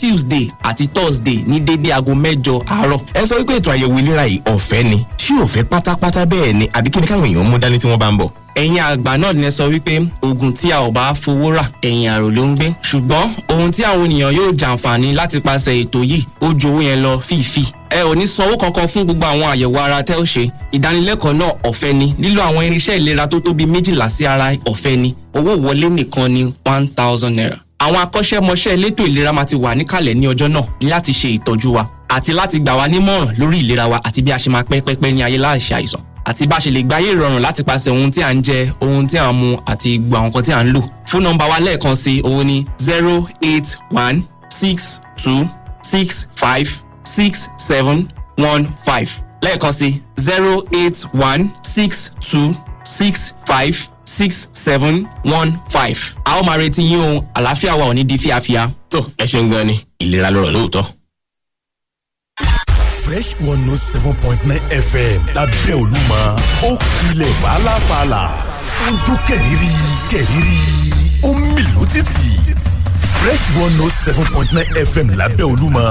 tuesday àti thursday ní dédé aago mẹ́jọ àárọ̀. ẹ sọ wípé ètò àyẹ̀wò ìlera yìí ọ̀fẹ́ ni ṣé ọ̀fẹ́ pátápátá bẹ́ẹ̀ ni àbí kí ni káwọn èèyàn mú dání tí wọ́n bá ń bọ̀. ẹ̀yin àgbà náà ni ẹ sọ wípé oògùn tí a ò bá fowó rà ẹ̀yìn àrò ló ń gbé ṣùgbọ́n ohun tí àwọn ènìyàn yóò jàǹfààní láti paṣẹ ètò yìí ó ju owó yẹn lọ fífi ẹ ò ní sanwó kankan fún gbogbo àwọn àyẹ̀wò ara tẹ́ ò ṣe ìdánilẹ́kọ̀ọ́ náà ọ̀fẹ́ ni lílo àwọn irinṣẹ́ ìlera tó tóbi méjìlá sí ara ọ̀fẹ́ ni owó wọlé nìkan ni one thousand naira àwọn akọ́ṣẹ́mọṣẹ́ elétò ìlera máa ti wà níkàlẹ̀ ní ọjọ́ náà láti ṣe ìtọ́jú wa àti láti gbà wá nímọ̀ràn lórí ìlera wa àti bí a ṣe máa pẹ́ pẹ́pẹ́ ní ayé láìṣe àìsàn àti bá a ṣe lè gbáyé ìrọ̀rùn láti pàṣẹ ohun tí à ń jẹ ohun tí à ń mu àti gbogbo àwọn kan tí à ń lò fún nọ́mbà wa lẹ́ẹ̀kan sí òun ni zero eight one six two six five six seven one five lẹ́ẹ̀kan sí zero eight one six two six five six seven one five. a ó máa retí yín o àlàáfíà wa ò ní di fíafíà. tó ẹ ṣeun gan ni ìlera lọrọ lóòótọ́. fresh one note oh seven point nine fm lábẹ́ olúmọ ó kulẹ̀ fàlàfàlà ó dún kẹ̀rìírí kẹ̀rìírí ó mìlú títì fresh one note oh seven point nine fm lábẹ́ olúmọ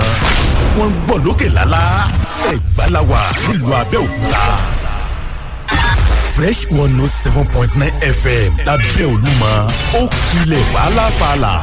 wọ́n ń gbọ́ lókè lálá ẹ̀gbá la wà nílùú abẹ́òkúta. Fresh one note oh seven point nine FM lábẹ́ Olúmọ ó kulẹ̀ fàlàfàlà.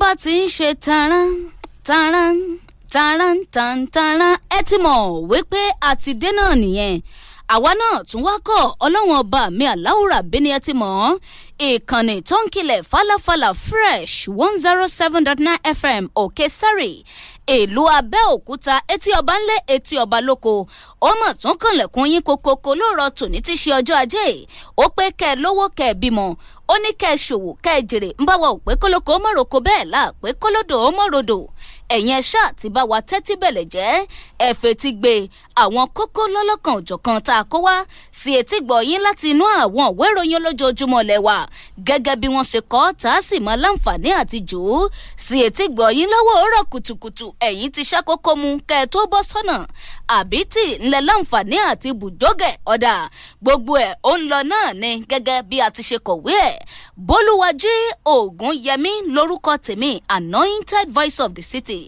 bá ti ń ṣe taran taran taran tan taran ẹ ti mọ̀ wípé àti dé náà nìyẹn àwa náà tún wá kọ́ ọlọ́wọ́n ọba mi àláwùrà bí ẹ ti mọ̀ ọ́n ìkànnì tó ń kilẹ̀ falafala fresh one zero oh seven dot nine fm òkè sáré èlò abẹ́òkúta etí ọba ńlẹ̀ etí ọba lóko ó mọ̀ tún kànlẹ̀kùn yín kokoko lóòrọ̀ tòní tí ṣe ọjọ́ ajé ó pé kẹ́ ẹ lówó kẹ́ ẹ bímọ ó ní kẹ́ ẹ ṣòwò kẹ́ ẹ jèrè ń bá wa ò pé kólókó mọ̀rọ̀kọ bẹ́ẹ̀ là pé kólódò ó mọ̀rọ̀dò ẹ̀yin ẹ̀ṣá ti bá wa tẹ́tí bẹ̀lẹ̀ jẹ́ ẹ̀fẹ̀ ti gbé àwọn kókó lọ́lọ́kan òjọ̀kan tá a kó wá sí etí gbọ̀yìn láti inú àwọn òwe ìròyìn olójoojúmọ́ lẹ́wà gẹ́gẹ́ bí wọ́n ṣe kọ tá a sì mọ láǹfààní àti jù ú sí etí gbọ̀yìn lọ́wọ́ òórọ̀ kùtùkùtù ẹ̀yin ti ṣàkókò mu kẹ́ ẹ tó bọ́ sọ́nà àbí tí ńlẹ̀ láǹfààní àti bùjọ́gẹ̀ ọ̀dà gbogbo ẹ̀ ó ń lọ náà ni gẹ́gẹ́ bí a ti ṣe kọ̀wé ẹ̀ bólúwájí ògúnyẹmí lórúkọ tèmi anointed voice of the city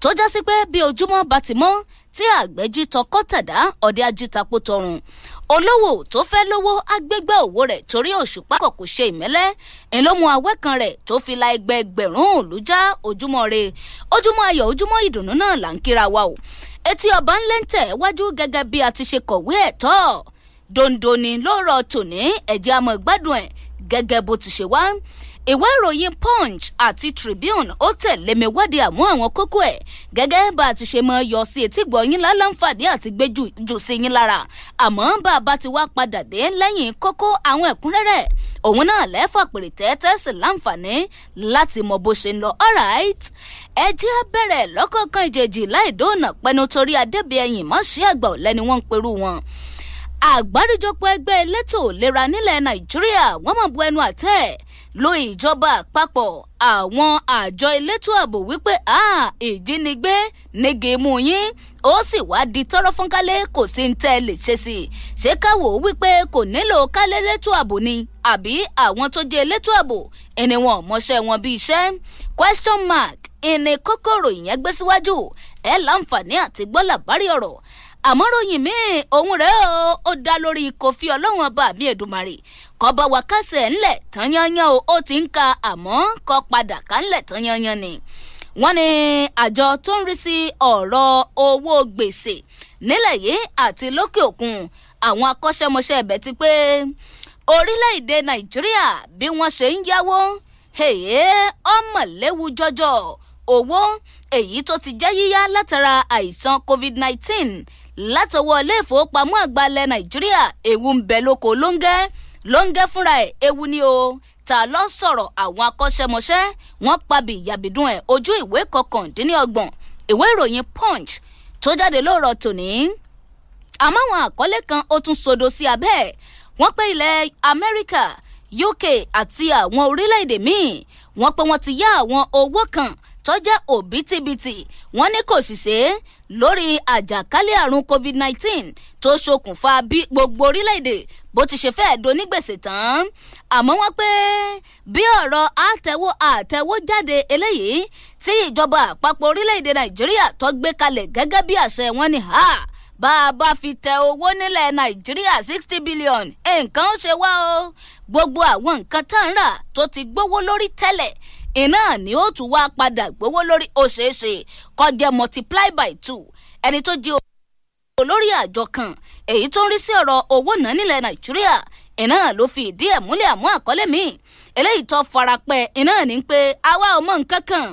tó já sí pé bí ojúmọ́ bá ti mọ́ tí àgbẹ̀jì tọkọ́ tàdá ọ̀dẹ ajitapo tọrùn olówó tó fẹ́ lówó agbégbá òwò rẹ̀ torí òṣùpá kọ̀ kò ṣe ìmẹ́lẹ́ ìlómú awẹ́ kan rẹ̀ tó fi la ẹgbẹ́ ẹgbẹ̀rún òlú ojúmọ́ re ojúmọ́ ayọ̀ ojúmọ́ ìdùnnú náà là ń kíra wa o etí ọba ńlẹ̀ ń tẹ̀ wájú gẹ́gẹ́ bí a ti ṣe kọ̀wé ẹ̀tọ́ dòǹdò ni lóòrọ̀ tòní ẹ̀jẹ̀ àmọ́ ìgbádùn ẹ̀ gẹ́gẹ́ bó ti ṣe wá ìwé ìròyìn punch àti tribune ó tẹ̀lé mi wádìí àmú àwọn kókó ẹ̀ gẹ́gẹ́ bá a ti ṣe mọ yọ sí etí gbọ́ yín lálàǹfààní àti gbé jù sí yín lára àmọ́ bá a bá ti wá padà dé lẹ́yìn kókó àwọn ẹ̀kúnrẹ́rẹ́ òun náà lẹ́fà pèrè tẹ́tẹ́ láǹfààní láti mọ bó ṣe ń lọ alright ẹ jẹ́ bẹ̀rẹ̀ lọ́kọ̀ọ̀kan ìjèjì láì dóònà pẹnu torí adébíyẹyìn mọ́ sí àgbà ọ̀lẹ́ni wọ́n ń perú wọn àgbáríjọpọ̀ ẹgbẹ́ elétò ìlera nílẹ̀ nàìjíríà wọ́n mọ̀ bu ẹnu àtẹ́ ẹ̀ lo ìjọba àpapọ̀ àwọn àjọ elétò ààbò wípé ìjínigbé nígẹ̀ẹ́mú yín ó sì wá di tọ́rọ́ fúnkálẹ̀ kò sí ń tẹ́ lè ṣe sí i ṣé káwọ́ wípé kò nílò kálẹ̀ elétò ààbò ni àbí àwọn tó jẹ́ elétò ààbò ẹni wọn mọṣẹ́ wọn bí iṣẹ́ question mark ìní kókòrò ìyẹn gbé síwájú ẹ láǹfààní àti gbọ́ làbárí ọ̀rọ̀ àmọ́ ròyìn míì òun rẹ̀ ó dá lórí kò ọlọ́run ọba mi Èdùmàrè kọ́ bá wa kásẹ̀ ńlẹ̀ tán yányán o ó ti ń ka àmọ́ kọ́ padà kánlẹ̀ tán yányán ni wọ́n ní àjọ tó ń rí sí ọ̀rọ̀ owó gbèsè nílẹ̀ yìí àti lókè òkun àwọn akọ́ṣẹ́mọṣẹ́ ibẹ̀ ti pé orílẹ̀-èdè nàìjíríà bí wọ́n ṣe ń yáwó èyí ọmọ jọjọ owó èyí tó ti jẹ́ yíyá látara àìsàn covid-19 látọwọ́ ilé ìfowópamọ́ àgbà ilẹ̀ nàìjíríà ewu ń bẹ lóko lóńgẹ́ ló ń gẹ́ fúnra ẹ̀ ewu ni o ta ló ń sọ̀rọ̀ àwọn akọ́ṣẹ́mọṣẹ́ wọ́n pabì yàbìdún ẹ̀ ojú ìwé kọkàndínlọ́gbọ̀n ìwé ìròyìn punch tó jáde lóòrọ̀ tòní àmọ́ àwọn àkọlé kan ó tún sodo sí abẹ́ ẹ̀ wọ́n pé ilẹ̀ amẹ́ríkà uk àti àwọn orílẹ̀-èdè míì wọ́n pé wọ́n ti yá àwọn owó kan tó jẹ́ òbítíbitì wọ́n ní kò sì ṣe é lórí àjàkálẹ̀ àrùn covid-19 tó ṣokùnfà bí gbogbo orílẹ̀-èdè bó ti ṣe fẹ́ẹ̀ donígbèsè tán àmọ́ wọ́n pé bí ọ̀rọ̀ àtẹ̀wó àtẹ̀wó jáde eléyìí tí ìjọba àpapọ̀ orílẹ̀-èdè nàìjíríà tó gbé kalẹ̀ gẹ́gẹ́ bí àṣẹ wọn ni ha bá a bá fi tẹ owó nílẹ̀ nàìjíríà sixty billion nǹkan ó ṣe wá o gbogbo àwọn nǹkan tá à ń rà tó ti gbówó lórí tẹ́lẹ̀ iná ni ó tún wá padà gbowó lórí ó ṣeéṣe kó multiply by two ẹni tó jẹ́ olórí àjọ kan èyí tó ń rí sí ọ̀rọ̀ owó náà nílẹ̀ nàìjíríà iná ló fi ìdí ẹ̀ múlẹ̀ àmú àkọlé míì eléyìí tó farapẹ́ iná ní pé àwa ò mọ̀ nǹkan kan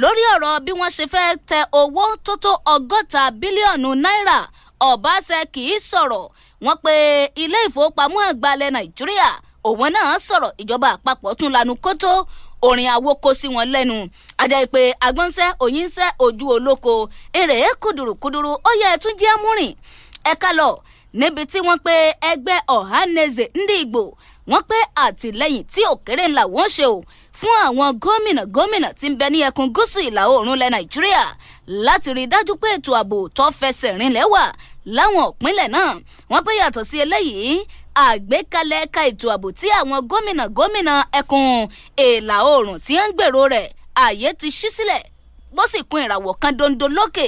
lórí ọ̀rọ̀ bí wọ́n ṣe fẹ́ tẹ owó tó tó ọgọ́ta bílíọ̀nù náírà ọ̀básẹ kì í sọ̀rọ̀ wọ́n pe ilé ìfowópamọ́ àgbà nàìjíríà òun náà sọ̀rọ̀ ìjọba àpapọ̀ tún lanu kótó orin awo kó sí wọn lẹ́nu ajá ìpè agbọ́nsẹ́ òyìnsẹ́ ojú olóko èrè kùdùrùkùdùrù ó yẹ ẹtún jẹ́ múrìn ẹ̀ka lọ níbi tí wọ́n pe ẹgbẹ́ ọ̀hánẹ́zẹ̀ ndí ìgbò wọ́n pé àtìlẹ́yìn tí òkèrè ńlá wọ́n ṣe o fún àwọn gómìnà gómìnà tí ń bẹ ní ẹkùn gúúsù ìlà oòrùn ilẹ̀ nàìjíríà láti rí i dájú pé ètò ààbò tó fẹsẹ̀ rinlẹ̀ wà láwọn òpínlẹ̀ náà wọ́n pé yàtọ̀ sí eléyìí àgbékalẹ̀ ẹ̀ka ètò ààbò tí àwọn gómìnà gómìnà ẹkùn ìlà oòrùn tí ń gbèrò rẹ̀ ààyè ti ṣí sílẹ̀ bó sì kún ìràwọ̀ kan dondo lókè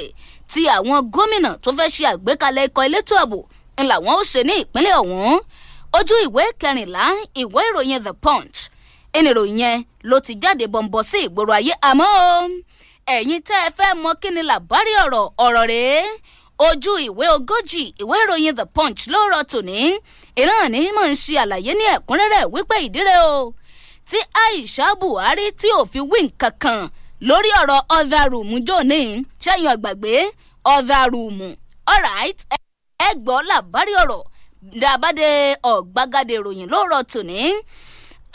tí àwọn gómìnà tó fẹ́ ṣe àgbékalẹ̀ ikọ̀ elétò ààbò ń làwọn ó ṣe ní ìpínlẹ̀ ọ̀hún ojú ìwé kẹrìnlá ìwé ìròyìn the punch ìnìròyìn yẹn ló ti jáde bọ̀m̀bọ̀ sí ìgboro ayé àmọ́ ẹ̀yin tẹ́ ẹ fẹ́ mọ kí ni làbárí ọ̀rọ̀ ọ̀rọ̀ rèé ojú ìwé ogójì ìwé ìròyìn the punch ló rọ tòní iná ní mò ń ṣe àlàyé ní ẹ̀kúnrẹ́rẹ́ wípé ìdírẹ́ o tí Aisha Buhari tí ò fi wí nǹkan lórí ọ̀rọ̀ other room jóni ṣẹ́yìn ọ̀gbàgbé other room alright ẹ gbọ́ làbárí ọ̀rọ̀ dàbádé ọ̀gbagadé ìròyìn lóòrọ̀ tòní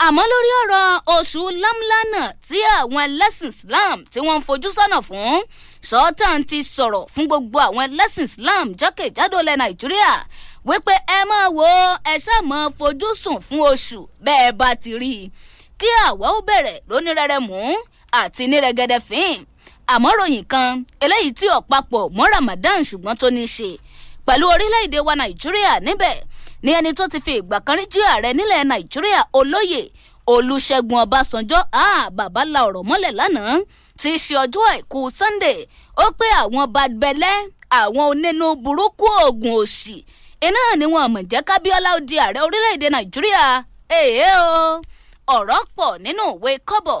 àmọ́ lórí ọ̀rọ̀ oṣù lámlánà tí àwọn ẹlẹ́sìn Islam tí wọ́n ń fojú sọ́nà fún Sultan ti sọ̀rọ̀ fún gbogbo àwọn ẹlẹ́sìn Islam jákèjádò ilẹ̀ Nàìjíríà wípé ẹ máa wo ẹ ṣáà máa fojú sùn fún oṣù bẹ́ẹ̀ bá ti rí i kí àwa ó bẹ̀rẹ̀ lónírẹ̀rẹ̀ mú àti nírẹ̀gẹ̀dẹ̀ fín àmọ́ ròyìn kan eléyìí tí ó papọ̀ mọ́ Ramadan ṣùgbọ́n tó ní í ṣe pẹ̀lú orílẹ̀-èdè wa Nàìjíríà níbẹ̀ ní ẹni tó ti fi ìgbà kan rí jí ààrẹ nílẹ̀ nàìjíríà olóyè olùṣègùn ọbásanjọ́ bàbá la ọ̀rọ̀ mọ́lẹ̀ lánàá ti ṣe ọjọ́ àìkú sunday ó pé àwọn badbẹlẹ àwọn onínú burúkú oògùn òṣì iná ni wọn mọ̀ jẹ́ kábíọ́lá di ààrẹ orílẹ̀-èdè nàìjíríà èyí o ọ̀rọ̀ pọ̀ nínú ìwé kọ́bọ̀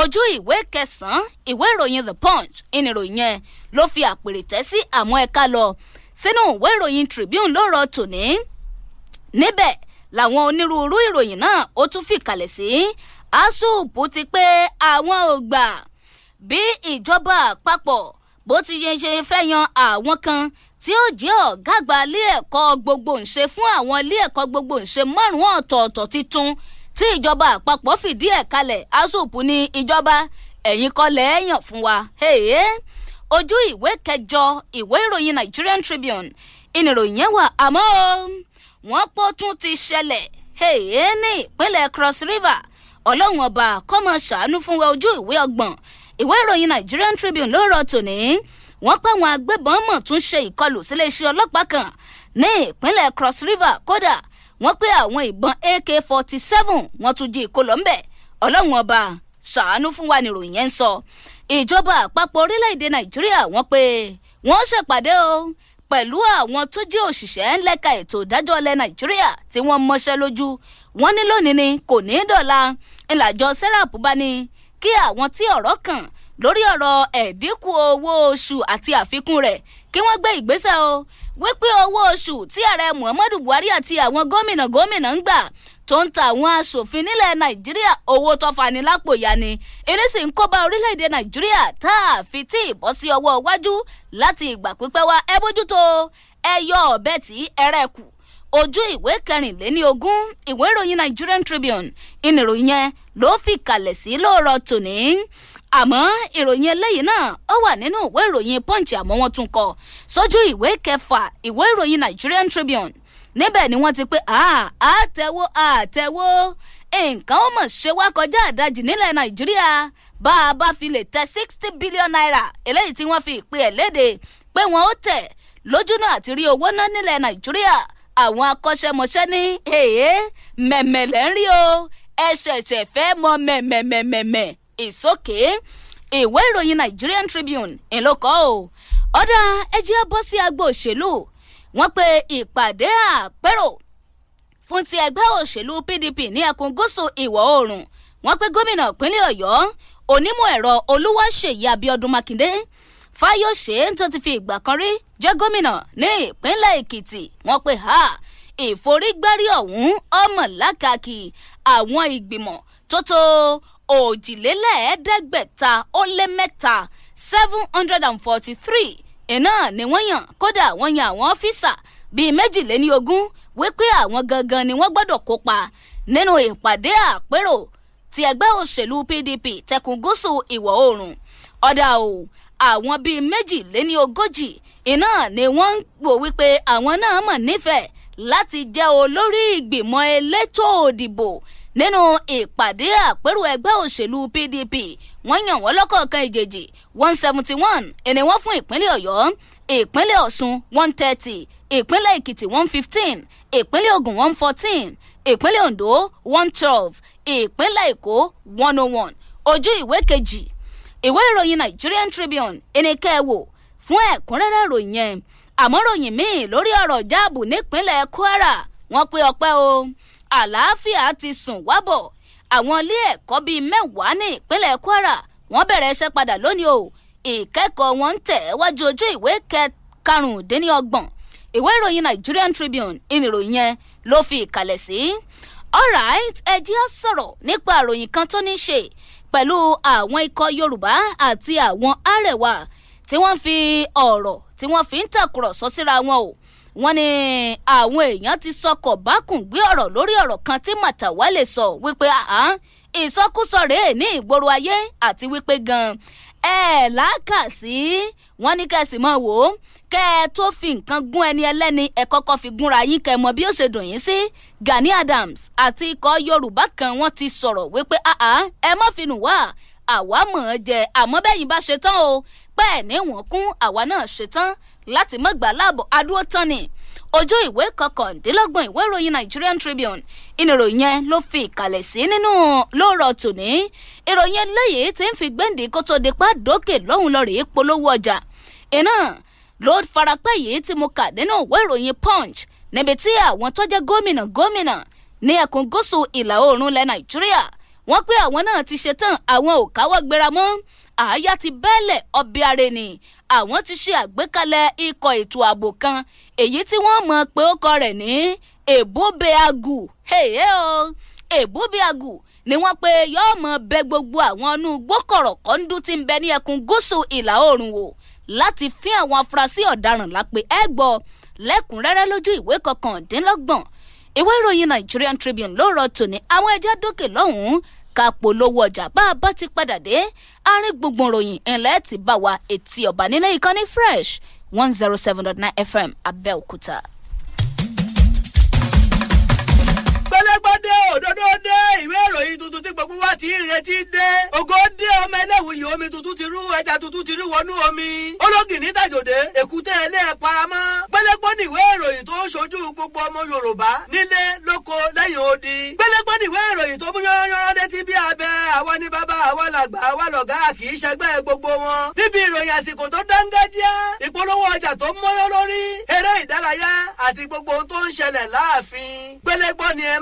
ojú ìwé kẹsàn-án ìwé ìròyìn the punch ìnìròyìn yẹn ló fi àpèrè tẹ́ sí àmọ́ ẹ̀ka lọ sínú ìwé ìròyìn tribune ló rọ tòní níbẹ̀ làwọn onírúurú ìròyìn náà ó tún fìkàlẹ̀ sí asup ti pé àwọn ò gbà bí ìjọba àpapọ̀ bó ti yẹ ṣe fẹ́ àwọn kan tí ó jẹ́ ọ̀gá àgbà ilé ẹ̀kọ́ gbogbo ńṣe fún àwọn ilé ẹ̀kọ́ gbogbo ńṣe márùn-ún ọ̀tọ̀ọ̀tọ̀ titun tí ìjọba àpapọ̀ fìdí ẹ̀ kalẹ̀ asup ní ìjọba ẹ̀yìn kọlẹ̀ ẹ̀yàn fún wa ojú ìwé kẹjọ ìwé ìròyìn Nigerian Tribune ìnìròyìn yẹn wà àmọ́ wọ́n pọ̀ tún ti ṣẹlẹ̀ èyí ní ìpínlẹ̀ cross river ọlọ́run ọba kọ́mọ ṣàánú fún wa ojú ìwé ọgbọ̀n ìwé ìròyìn nigerian tribune ló rọ tòní wọ́n pẹ́ wọn agbébọn mọ̀ tún ṣe ìkọlù síléeṣẹ́ ọlọ́pàá kan ní ìpínlẹ̀ cross river kódà wọ́n pé àwọn ìbọn ak forty seven wọ́n tún jí ìkó lọ ńbẹ̀ ọlọ́run ọba ṣàánú fún wa nìròyìn yẹn ń sọ ìjọba àpapọ̀ orílẹ̀-èdè nàìjíríà wọ́n pé wọ́n ṣèpàdé o pẹ̀lú àwọn tó jẹ́ òṣìṣẹ́ ńlẹ́ka ètò ìdájọ́ ilẹ̀ nàìjíríà tí wọ́n mọṣẹ́ lójú wọ́n ní lónìí ni kò ní dọ̀la ńlàjọ serap bá ní kí àwọn tí ọ̀rọ̀ kàn lórí ọ̀rọ̀ ẹ̀dínkù owó oṣù àti àfikún rẹ̀ kí wọ́n gbé ìgbésẹ̀ o wípé owó oṣù tí ààrẹ Muhammadu Buhari àti àwọn gómìnà gómìnà ń gbà tó ń ta àwọn aṣòfin nílẹ̀ Nàìjíríà owó tó fani lápò ya ni eré sì ń kóbá orílẹ̀-èdè Nàìjíríà tá a fi tí ìbọ́ sí ọwọ́ iwájú láti ìgbà pípẹ́ wá ẹ bójútó ẹ yọ ọ̀bẹ tí ẹrẹ́ kù ojú ìwé kẹrìnléní ogún ìwé ìròyìn Nigerian Tribune ìnìròyìn yẹn ló fi kalẹ̀ sí lóòrọ̀ tòní àmọ́ ìròyìn eléyìí náà ó wà nínú ìwé ìròyìn punch àmọ́ wọ́n tún kọ sójú ìwé kẹfà ìwé ìròyìn Nigerian Tribune níbẹ̀ ni wọ́n ti pé àtẹ̀wò àtẹ̀wò nǹkan ó mọ̀ ṣe wá kọjá àdájì nílẹ̀ Nàìjíríà bá a bá fi lè tẹ sixty billion naira eléyìí tí wọ́n fi ìpè ẹ̀ léde pé wọ́n ó tẹ̀ lójúnà àti rí owó ná nílẹ̀ Nàìjíríà àwọn akọ́ṣẹ́mọṣẹ́ ní èyí mẹ̀mẹ̀ lẹ́ ń rí o ẹ ṣẹ̀ṣẹ̀ fẹ́ mọ mẹ̀mẹ̀mẹ̀mẹ̀mẹ̀ it's okay ìwé ìròyìn Nigerian Tribune ìlókọ́ o ọ̀dà ẹjẹ́ bọ́ sí agbo òṣèlú wọ́n pe ìpàdé àpérò fún ti ẹgbẹ́ òṣèlú PDP ní ẹkùn gúúsù ìwọ̀ oòrùn wọ́n pe gómìnà ìpínlẹ̀ Ọ̀yọ́ onímọ̀ ẹ̀rọ Olúwaṣèyí Abíọ́dún Mákindé Fáyọ̀ṣe tó ti fi ìgbà kan rí jẹ́ gómìnà ní ìpínlẹ̀ Èkìtì wọ́n pe ha ìforígbárí ọ̀hún ọmọ làkàkì àwọn ìgbìmọ̀ tó tó òjìlélẹ́ẹ̀ẹ́dẹ́gbẹ̀ta ó lé mẹ́ta seven hundred and forty three iná ni wọ́n yàn kódà wọ́n yan àwọn ọ́fíìsà bíi méjìléní ogún wípé àwọn gangan ni wọ́n gbọ́dọ̀ kópa nínú ìpàdé àpérò ti ẹgbẹ́ òṣèlú pdp tẹkùn gúúsù ìwọ̀ oòrùn ọ̀dà o àwọn bíi méjìléní ogójì iná ni wọ́n ń wò wípé àwọn náà mọ̀ nífẹ̀ẹ́ láti jẹ́ olórí ìgbìmọ̀ elétò òdìbò nínú ìpàdé àpérò ẹgbẹ́ òṣèlú PDP wọ́n yàn wọ́n lọ́kọ̀ọ̀kan ìjèjì one seventy one ẹni wọ́n fún ìpínlẹ̀ Ọ̀yọ́ ìpínlẹ̀ Ọ̀ṣun one thirty ìpínlẹ̀ Èkìtì one fifteen ìpínlẹ̀ Ògùn one fourteen ìpínlẹ̀ Oǹdó one twelve ìpínlẹ̀ Èkó one oh one ojú ìwé kejì ìwé ìròyìn Nigerian Tribune ẹnikẹ́ wò fún ẹ̀kúnrẹ́rẹ́ ròyìn yẹn àmọ́ ròyìn míì lórí ọ̀rọ̀ jáàbù nípínlẹ̀ Kwara wọ́n pe ọpẹ́ o àlàáfíà ti sùn wábọ̀ àwọn ilé ẹ̀kọ́ bíi mẹ́wàá ní ìpínlẹ̀ kwara wọ́n bẹ̀rẹ̀ iṣẹ́ padà lónìí o ìkẹ́kọ̀ọ́ wọn ń tẹ̀ wájú ojú ìwé karùndínlọ́gbọ̀n ìwé ìròyìn Nigerian Tribune ìnìròyìn yẹn ló fi ìkàlẹ̀ sí. alright ẹ jẹ́ á sọ̀rọ̀ nípa àròyìn kan tó ní ṣe pẹ̀lú àwọn ikọ̀ Yorùbá àti àwọn Arẹwà tí wọ́n fi ọ̀rọ̀ tí wọ́n fi ń tàkùrọ̀sọ síra wọn o wọ́n ní àwọn èèyàn ti sọkọ̀ bákùn gbé ọ̀rọ̀ lórí ọ̀rọ̀ kan tí màtàwálè sọ wípé ìsọkúsọ rèé ní ìgboro ayé àti wípé gan-an ẹ lákàsí wọ́n ní kẹsì mọ wò ó kẹ ẹ tó fi nǹkan gún ẹni ẹlẹ́ni ẹ kọ́kọ́ fi gúnra yín kẹ mọ bí ó ṣe dùn yín sí Gani Adams àti ikọ̀ Yorùbá kan wọ́n ti sọ̀rọ̀ wípé ẹ mọ́ finú wá àwa mọ̀ ọ́n jẹ àmọ́ bẹ́yìn bá ṣe tán o bẹ́ẹ̀ ni wọ́n kún àwa náà ṣe tán láti mọ̀ gbà láàbọ̀ adúró tán ni ojú ìwé kọkàndínlọ́gbọ̀n ìwé ìròyìn Nigerian Tribune ìnìròyìn yẹn ló fi ìkàlẹ̀ sí nínú lóòrọ̀ tòní ìròyìn eléyìí ti ń fi gbẹ́ǹdì kó tó dipá dókè lọ́hùn lọ́rẹ̀ẹ́ polówó ọjà iná ló farapẹ́ yìí tí mo kà nínú ìwé ìròyìn Punch níbi tí àwọn tó jẹ́ gómìnà gómìnà ní ẹkùn gúúsù ìlà oòrùn ilẹ̀ Nàìjíríà wọ́n pé àwọn náà ti ṣetán àwọn ò káwọ́ gbéra mọ́ àáyá ti bẹ́ẹ̀lẹ̀ ọbẹ̀ ara ẹni àwọn ti ṣe àgbékalẹ̀ ikọ̀ ètò ààbò kan èyí tí wọ́n mọ̀ pé ó kọ rẹ̀ ní èbúbeagù èyí o oh. èbúbeagù ni wọ́n pe yóò mọ̀ bẹ gbogbo àwọn ọnú gbókọ̀rọ̀ kọ́ńdú tí ń bẹ ní ẹkùn gúúsù ìlà oòrùn wò láti fín àwọn afurasí ọ̀daràn lápè ẹ gbọ́ lẹ́kùnrẹ́rẹ́ lójú ìwé kọkàndínlọ́gbọ̀n ìwé ìròyìn Nigerian Tribune ló rọ tòní àwọn ẹja dókè lọ́hùn-ún ká polówó ọjà bá a bá ti padà dé àárín gbùngbùn ròyìn ẹ̀ńlẹ́ ti bá wa etí ọba nílé ìkànnì fresh one zero seven dot nine FM Abẹ́òkúta. àgbẹ̀lẹ́gbẹ́ dé òdodo dé ìwé ìròyìn tuntun tí gbogbo wa ti ń retí dé ògo dé ọmọ ẹlẹ́wùyí omi tuntun ti rú ẹja tuntun ti rú wọnú omi ológì ní tàjòdè èkúté ẹlẹ́ paramọ́ gbẹ̀lẹ́gbẹ́ ní ìwé ìròyìn tó ṣojú gbogbo ọmọ Yorùbá nílé lóko lẹ́yìn odi gbẹ̀lẹ́gbẹ́ ní ìwé ìròyìn tó mú yọ́nyọ́nyọ́ létí bí abẹ àwọn ní bàbá àwọn làgbà àwọn lọ̀gá kì í ṣẹgbẹ́ gbogbo wọn níbi ìròyìn àsìkò tó dángájíá ìpolówó ọjà tó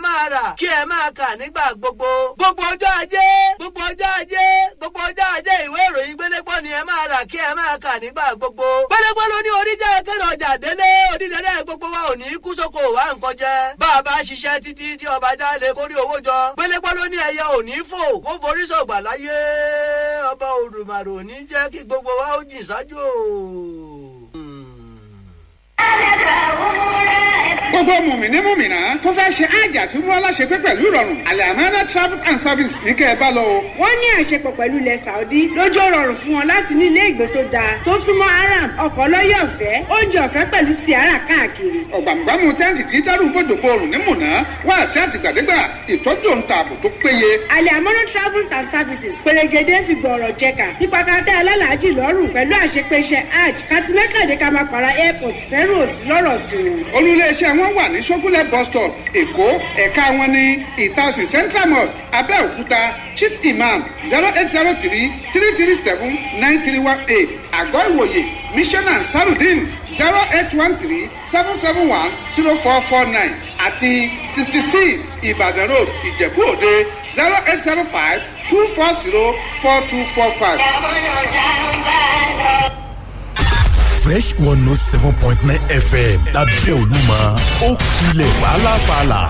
máa rà kí ẹ máa kà nígbà gbogbo gbogbo ọjọ́ ajé gbogbo ọjọ́ ajé gbogbo ọjọ́ ajé ìwé ìròyìn gbélégbó ni ẹ máa rà kí ẹ máa kà nígbà gbogbo gbélégbó ló ní oríjẹ́ kéré ọjà délé onídẹ̀ẹ́dẹ́ gbogbo wa ò ní kú sóko wa nǹkan jẹ bá a bá ṣiṣẹ́ títí tí ọba jáde kórí owó jọ gbélégbó ló ní ẹyẹ ò ní fò kó forí sọ̀gbà láyé ọba Olùmarè ò ní jẹ́ kí gbogbo wa ó jìn ṣáájú o. gbogbo mùmìnì mùmìnà tó fẹ́ ṣe àjà tí múra pẹ̀lú ìrọ̀rùn alẹ́ travels and service ní kẹ́ ẹ bá lọ o. wọ́n ní àṣepọ̀ pẹ̀lú ilẹ̀ Saudi lójó rọrùn fún wọn láti ní ilé ìgbé tó dáa tó súnmọ́ aram ọkọ̀ lọ́yẹ̀ ọ̀fẹ́ oúnjẹ ọ̀fẹ́ pẹ̀lú siara káàkiri. ọ̀gbàmùgbàmù tẹ́ǹtì tí dárú gbòdògbò òrùn ní mùnà wá sí àtìgbàdégbà ìtọ́jú services pèrègèdè fi Rose lọ́rọ̀ tù. olùléeṣẹ́ wọn wà ní Ṣógúnlẹ̀ bus stop Èkó ẹ̀ka wọn ní ìtàsí Central Mosque Abẹ́òkúta Chief Imam zero eight zero three three three seven nine three one eight àgọ́ ìwòye missioner sarudin zero eight one three seven seven one zero four four nine àti sixty six ìbàdàn road ìjẹ̀bú òde zero eight zero five two four zero four two four five. Fresh one note oh seven point nine FM lábẹ́ Olúmọ ó kilẹ̀ fàlàfàlà.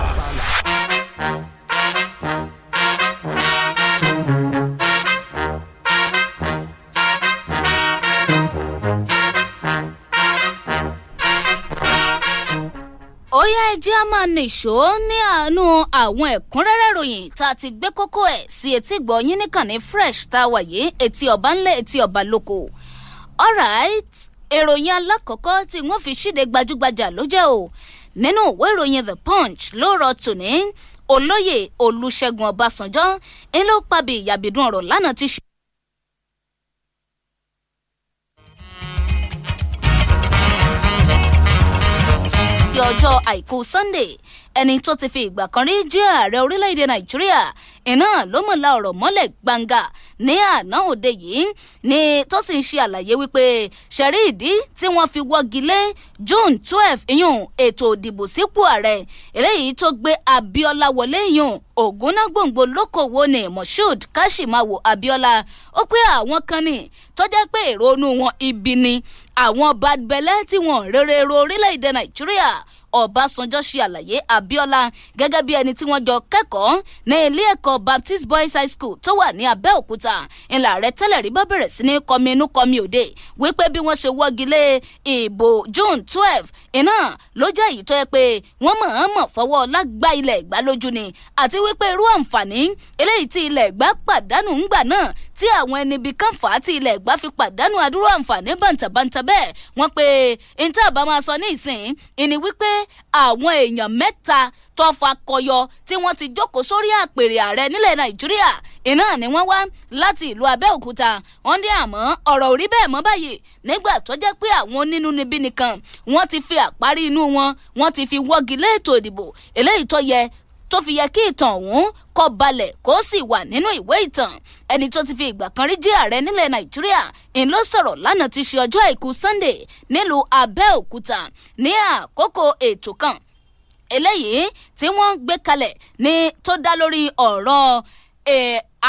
bóyá ẹjẹ́ a máa nìṣó ní àánú àwọn ẹ̀kúnrẹ́rẹ́ ìròyìn tá a ti gbé kókó ẹ̀ sí etí gbọ́ yín níkànnì fresh tá a wà yìí etí ọba etí ọba all right ìròyìn alákọ̀ọ́kọ́ tí wọ́n fi ṣíde gbajúgbajà ló jẹ́ o nínú ìwé ìròyìn the punch ló rọ tòní olóyè olùṣègùn ọbásanjọ́ ń ló pàbí ìyàbídùn ọ̀rọ̀ lánàá ti ṣe. di ọjọ́ àìkú Sunday ẹni tó ti fi ìgbà kan rí jẹ́ ààrẹ orílẹ̀-èdè Nàìjíríà iná ló mọ̀ la ọ̀rọ̀ mọ́lẹ̀ gbangba ní àná òde yìí ni tó sì ń ṣe àlàyé wípé ṣẹ̀rí ìdí tí wọ́n fi wọ́gi lé June twelve iyùn ètò ìdìbò sípò ààrẹ eléyìí tó gbé Abíọ́lá wọlé iyùn ògúnná gbòǹgbò lókòwò ní Moshood Kashimawo Abíọ́lá ó pé àwọn kan ní tó jẹ́ pé èrò inú wọn ibi ni àwọn bad belle tí wọ́n rere ro orílẹ̀-èdè nàìjíríà ọ̀básanjọ́ ṣe àlàyé abiola gẹ́gẹ́ bí ẹni tí wọ́n jọ kẹ́kọ̀ọ́ ní ilé ẹ̀kọ́ baptist boys high school tó wà ní abẹ́òkúta ńlá rẹ tẹ́lẹ̀ rí bá bẹ̀rẹ̀ sí ní kọmi inú kọmi òde wípé bí wọ́n ṣe wọ́gi lé ìbò june twelve iná ló jẹ́ èyí tó yẹ pé wọ́n mọ̀ọ́mọ̀ fọwọ́ lágbá ilẹ̀ ìgbà lójú ni àti wípé irú àǹfààní eléyìí tí ilẹ̀ ìgbà pàdánù ńgbà náà tí àwọn ẹni ibi kan fà á tí ilẹ̀ ìgbà fi pàdánù adúrú àǹfààní bàǹtàbàǹtà bẹ́ẹ̀ wọ́n pe ní tí àbá máa sọ ní ìsìn ìní wípé àwọn èèyàn mẹ́ta tó fakọyọ tí wọ́n ti jókòó sórí àpèrè ààrẹ nílẹ̀ nàìjíríà iná ni wọ́n wá láti ìlú abẹ́òkúta wọ́n ní àmọ́ ọ̀rọ̀ ò rí bẹ́ẹ̀ mọ́ báyìí nígbà tó jẹ́ pé àwọn onínú níbí nìkan wọ́n ti fi àparí inú wọn wọ́n ti fi wọ́gi lé ètò ìdìbò eléyìí tó yẹ tó fi yẹ kí ìtàn ọ̀hún kó balẹ̀ kó sì wà nínú ìwé ìtàn ẹni tó ti fi ìgbà kan rí jẹ́ ààrẹ nílẹ̀ nàìjíríà ń ló sọ̀rọ̀ lánàá ti ṣe ọjọ́ àìkú sunday nílùú abẹ́òkúta ní àkókò ètò kan eléyìí tí wọ́n ń gbé kalẹ̀ ní tó dá lórí ọ̀rọ̀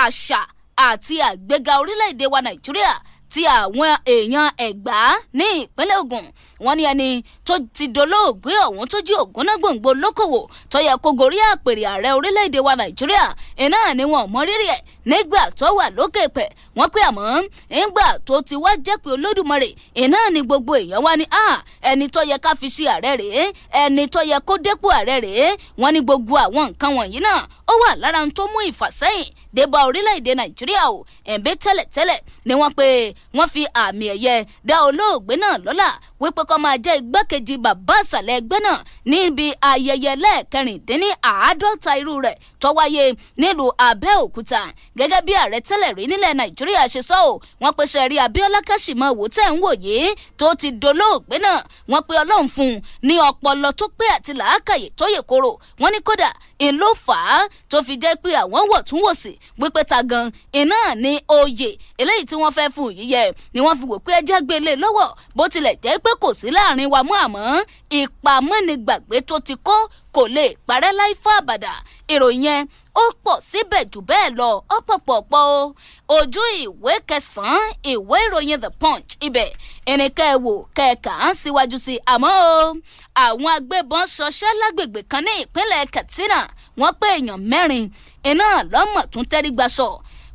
àṣà àti àgbéga orílẹ̀-èdè wa nàìjíríà ti àwọn èèyàn ẹ̀gbá ní ìpínlẹ̀ ògùn wọ́n ní ẹni tó ti dolóògbé ọ̀hún tó jí ògúnnágbòǹgbò lókòwò tó yẹ kó gorí àpèrè ààrẹ orílẹ̀-èdè wa nàìjíríà iná ni wọn mọ rírì ẹ̀ nígbà tó wà lókè pẹ̀ wọ́n pé àmọ́ ńgbà tó ti wá jẹ́ pé olódùmarè iná ni gbogbo èèyàn wá ní ẹni tó yẹ ká fi ṣe ààrẹ rèé ẹni tó yẹ kó dépò ààrẹ rèé wọ́n ní gbogbo àwọn nǹkan wọ̀nyí náà ó wà lára tó mú ìfàsẹ́yìn débà orílẹ̀-èdè nàìjíríà o ẹ̀ǹbẹ́ tẹ́lẹ̀tẹ́lẹ̀ ni wọ́n pé wọ́n fi àmì ẹ̀yẹ dá olóògbé náà lọ́lá wípé kó máa jẹ́ igbákejì bàbá àṣàlẹ̀ ẹgbẹ́ náà níbi ayẹyẹ lẹ́ẹ̀kẹrìndínní àádọ́ta irú rẹ̀ tó wáyé nílùú Abẹ́òkúta gẹ́gẹ́ bí ààrẹ tẹ́lẹ̀ rí nílẹ̀ Nàìjíríà ṣe sọ ọ́ wọ́n pe sẹ́rí Abíọ́lá Káṣímọ́ wò tẹ̀ ń wò yìí tó ti dolóògbé náà wọ́n pe Ọlọ́run fún un ní ọpọlọ tó pé àti làákàyè tó yè kóró wọ́n ní kódà ń ló fà á tó fi jẹ́ pé àwọn wọ̀túnwòsì wípé ta gan iná ní oyè eléyìí tí wọ́n fẹ́ fún yíyẹ ni wọ́n fi wò pé ẹjẹ́ gbélé lọ́wọ́ bó tilẹ̀ jẹ́ pé kò sí láàrin wa mọ́ àmọ́ ìpamọ́nigbàgbé tó ti kó kò lè parẹ́ láì fọ́ àbàdà ìròyìn yẹn ó pọ̀ síbẹ̀ jù bẹ́ẹ̀ lọ ó o ojú ìwé kẹsàn-án ìwé ìròyìn the punch ibẹ̀ ẹnìkẹ́ ẹ̀ wò kẹ̀kà ń síwájú sí i àmọ́ o àwọn agbébọn ṣọṣẹ́ lágbègbè kan ní ìpínlẹ̀ Katsina wọ́n pé èèyàn mẹ́rin iná lọ́mọ̀ tún tẹ́rí gbaṣọ́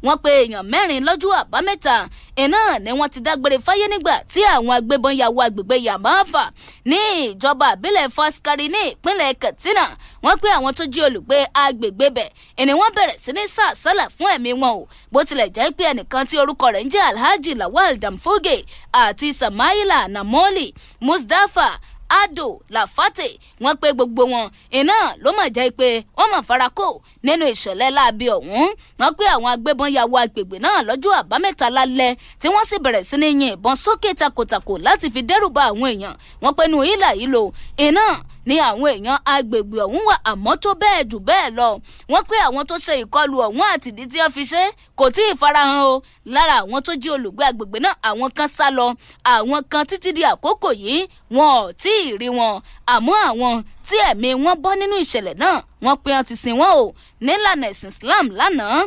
wọ́n pe èèyàn mẹ́rin lọ́jọ́ àbámẹ́ta iná ni wọ́n ti dágbére fáyé nígbà tí àwọn agbébọn ya wọ agbègbè yamaha ní ìjọba àbílẹ̀ faskari ní ìpínlẹ̀ katsina wọ́n pe àwọn tó jí olùgbé agbègbè bẹ̀ ẹni wọ́n bẹ̀rẹ̀ sí ní sàsálà fún ẹ̀mí wọn o bó tilẹ̀ jẹ́ pé ẹnìkan tí orúkọ rẹ̀ ń jẹ́ alhaji lawal damfoge àti samaila namoli musdafa ado lafate wọ́n pé gbogbo wọn iná ló mọ̀ jẹ́ pé wọ́n mọ̀ farakó nínú ìṣọ̀lẹ̀ láabi ọ̀hún wọ́n pé àwọn agbébọn ya wọ agbègbè náà lọ́jọ́ àbámẹ́ta lálẹ́ tí wọ́n sì bẹ̀rẹ̀ sí ní yin ìbọn sókè takòtàkò láti fi dẹ́rù ba àwọn èèyàn wọ́n pé nu ìlà yìí lò iná ni àwọn èèyàn agbègbè ọ̀hún wà àmọ́ tó bẹ́ẹ̀ jù bẹ́ẹ̀ lọ wọ́n pé àwọn tó ṣe ìkọlù ọ̀hún àtìdí tí wọ́n fi ṣe kò tí ì farahàn o lára àwọn tó jí olùgbé agbègbè náà àwọn kan sá lọ àwọn kan títí di àkókò yìí wọn ò tí ì rí wọn àmọ́ àwọn tí ẹ̀mí wọn bọ́ nínú ìṣẹ̀lẹ̀ náà wọ́n pe wọn ti sin wọn o nílànà ẹ̀sìn Islam lánàá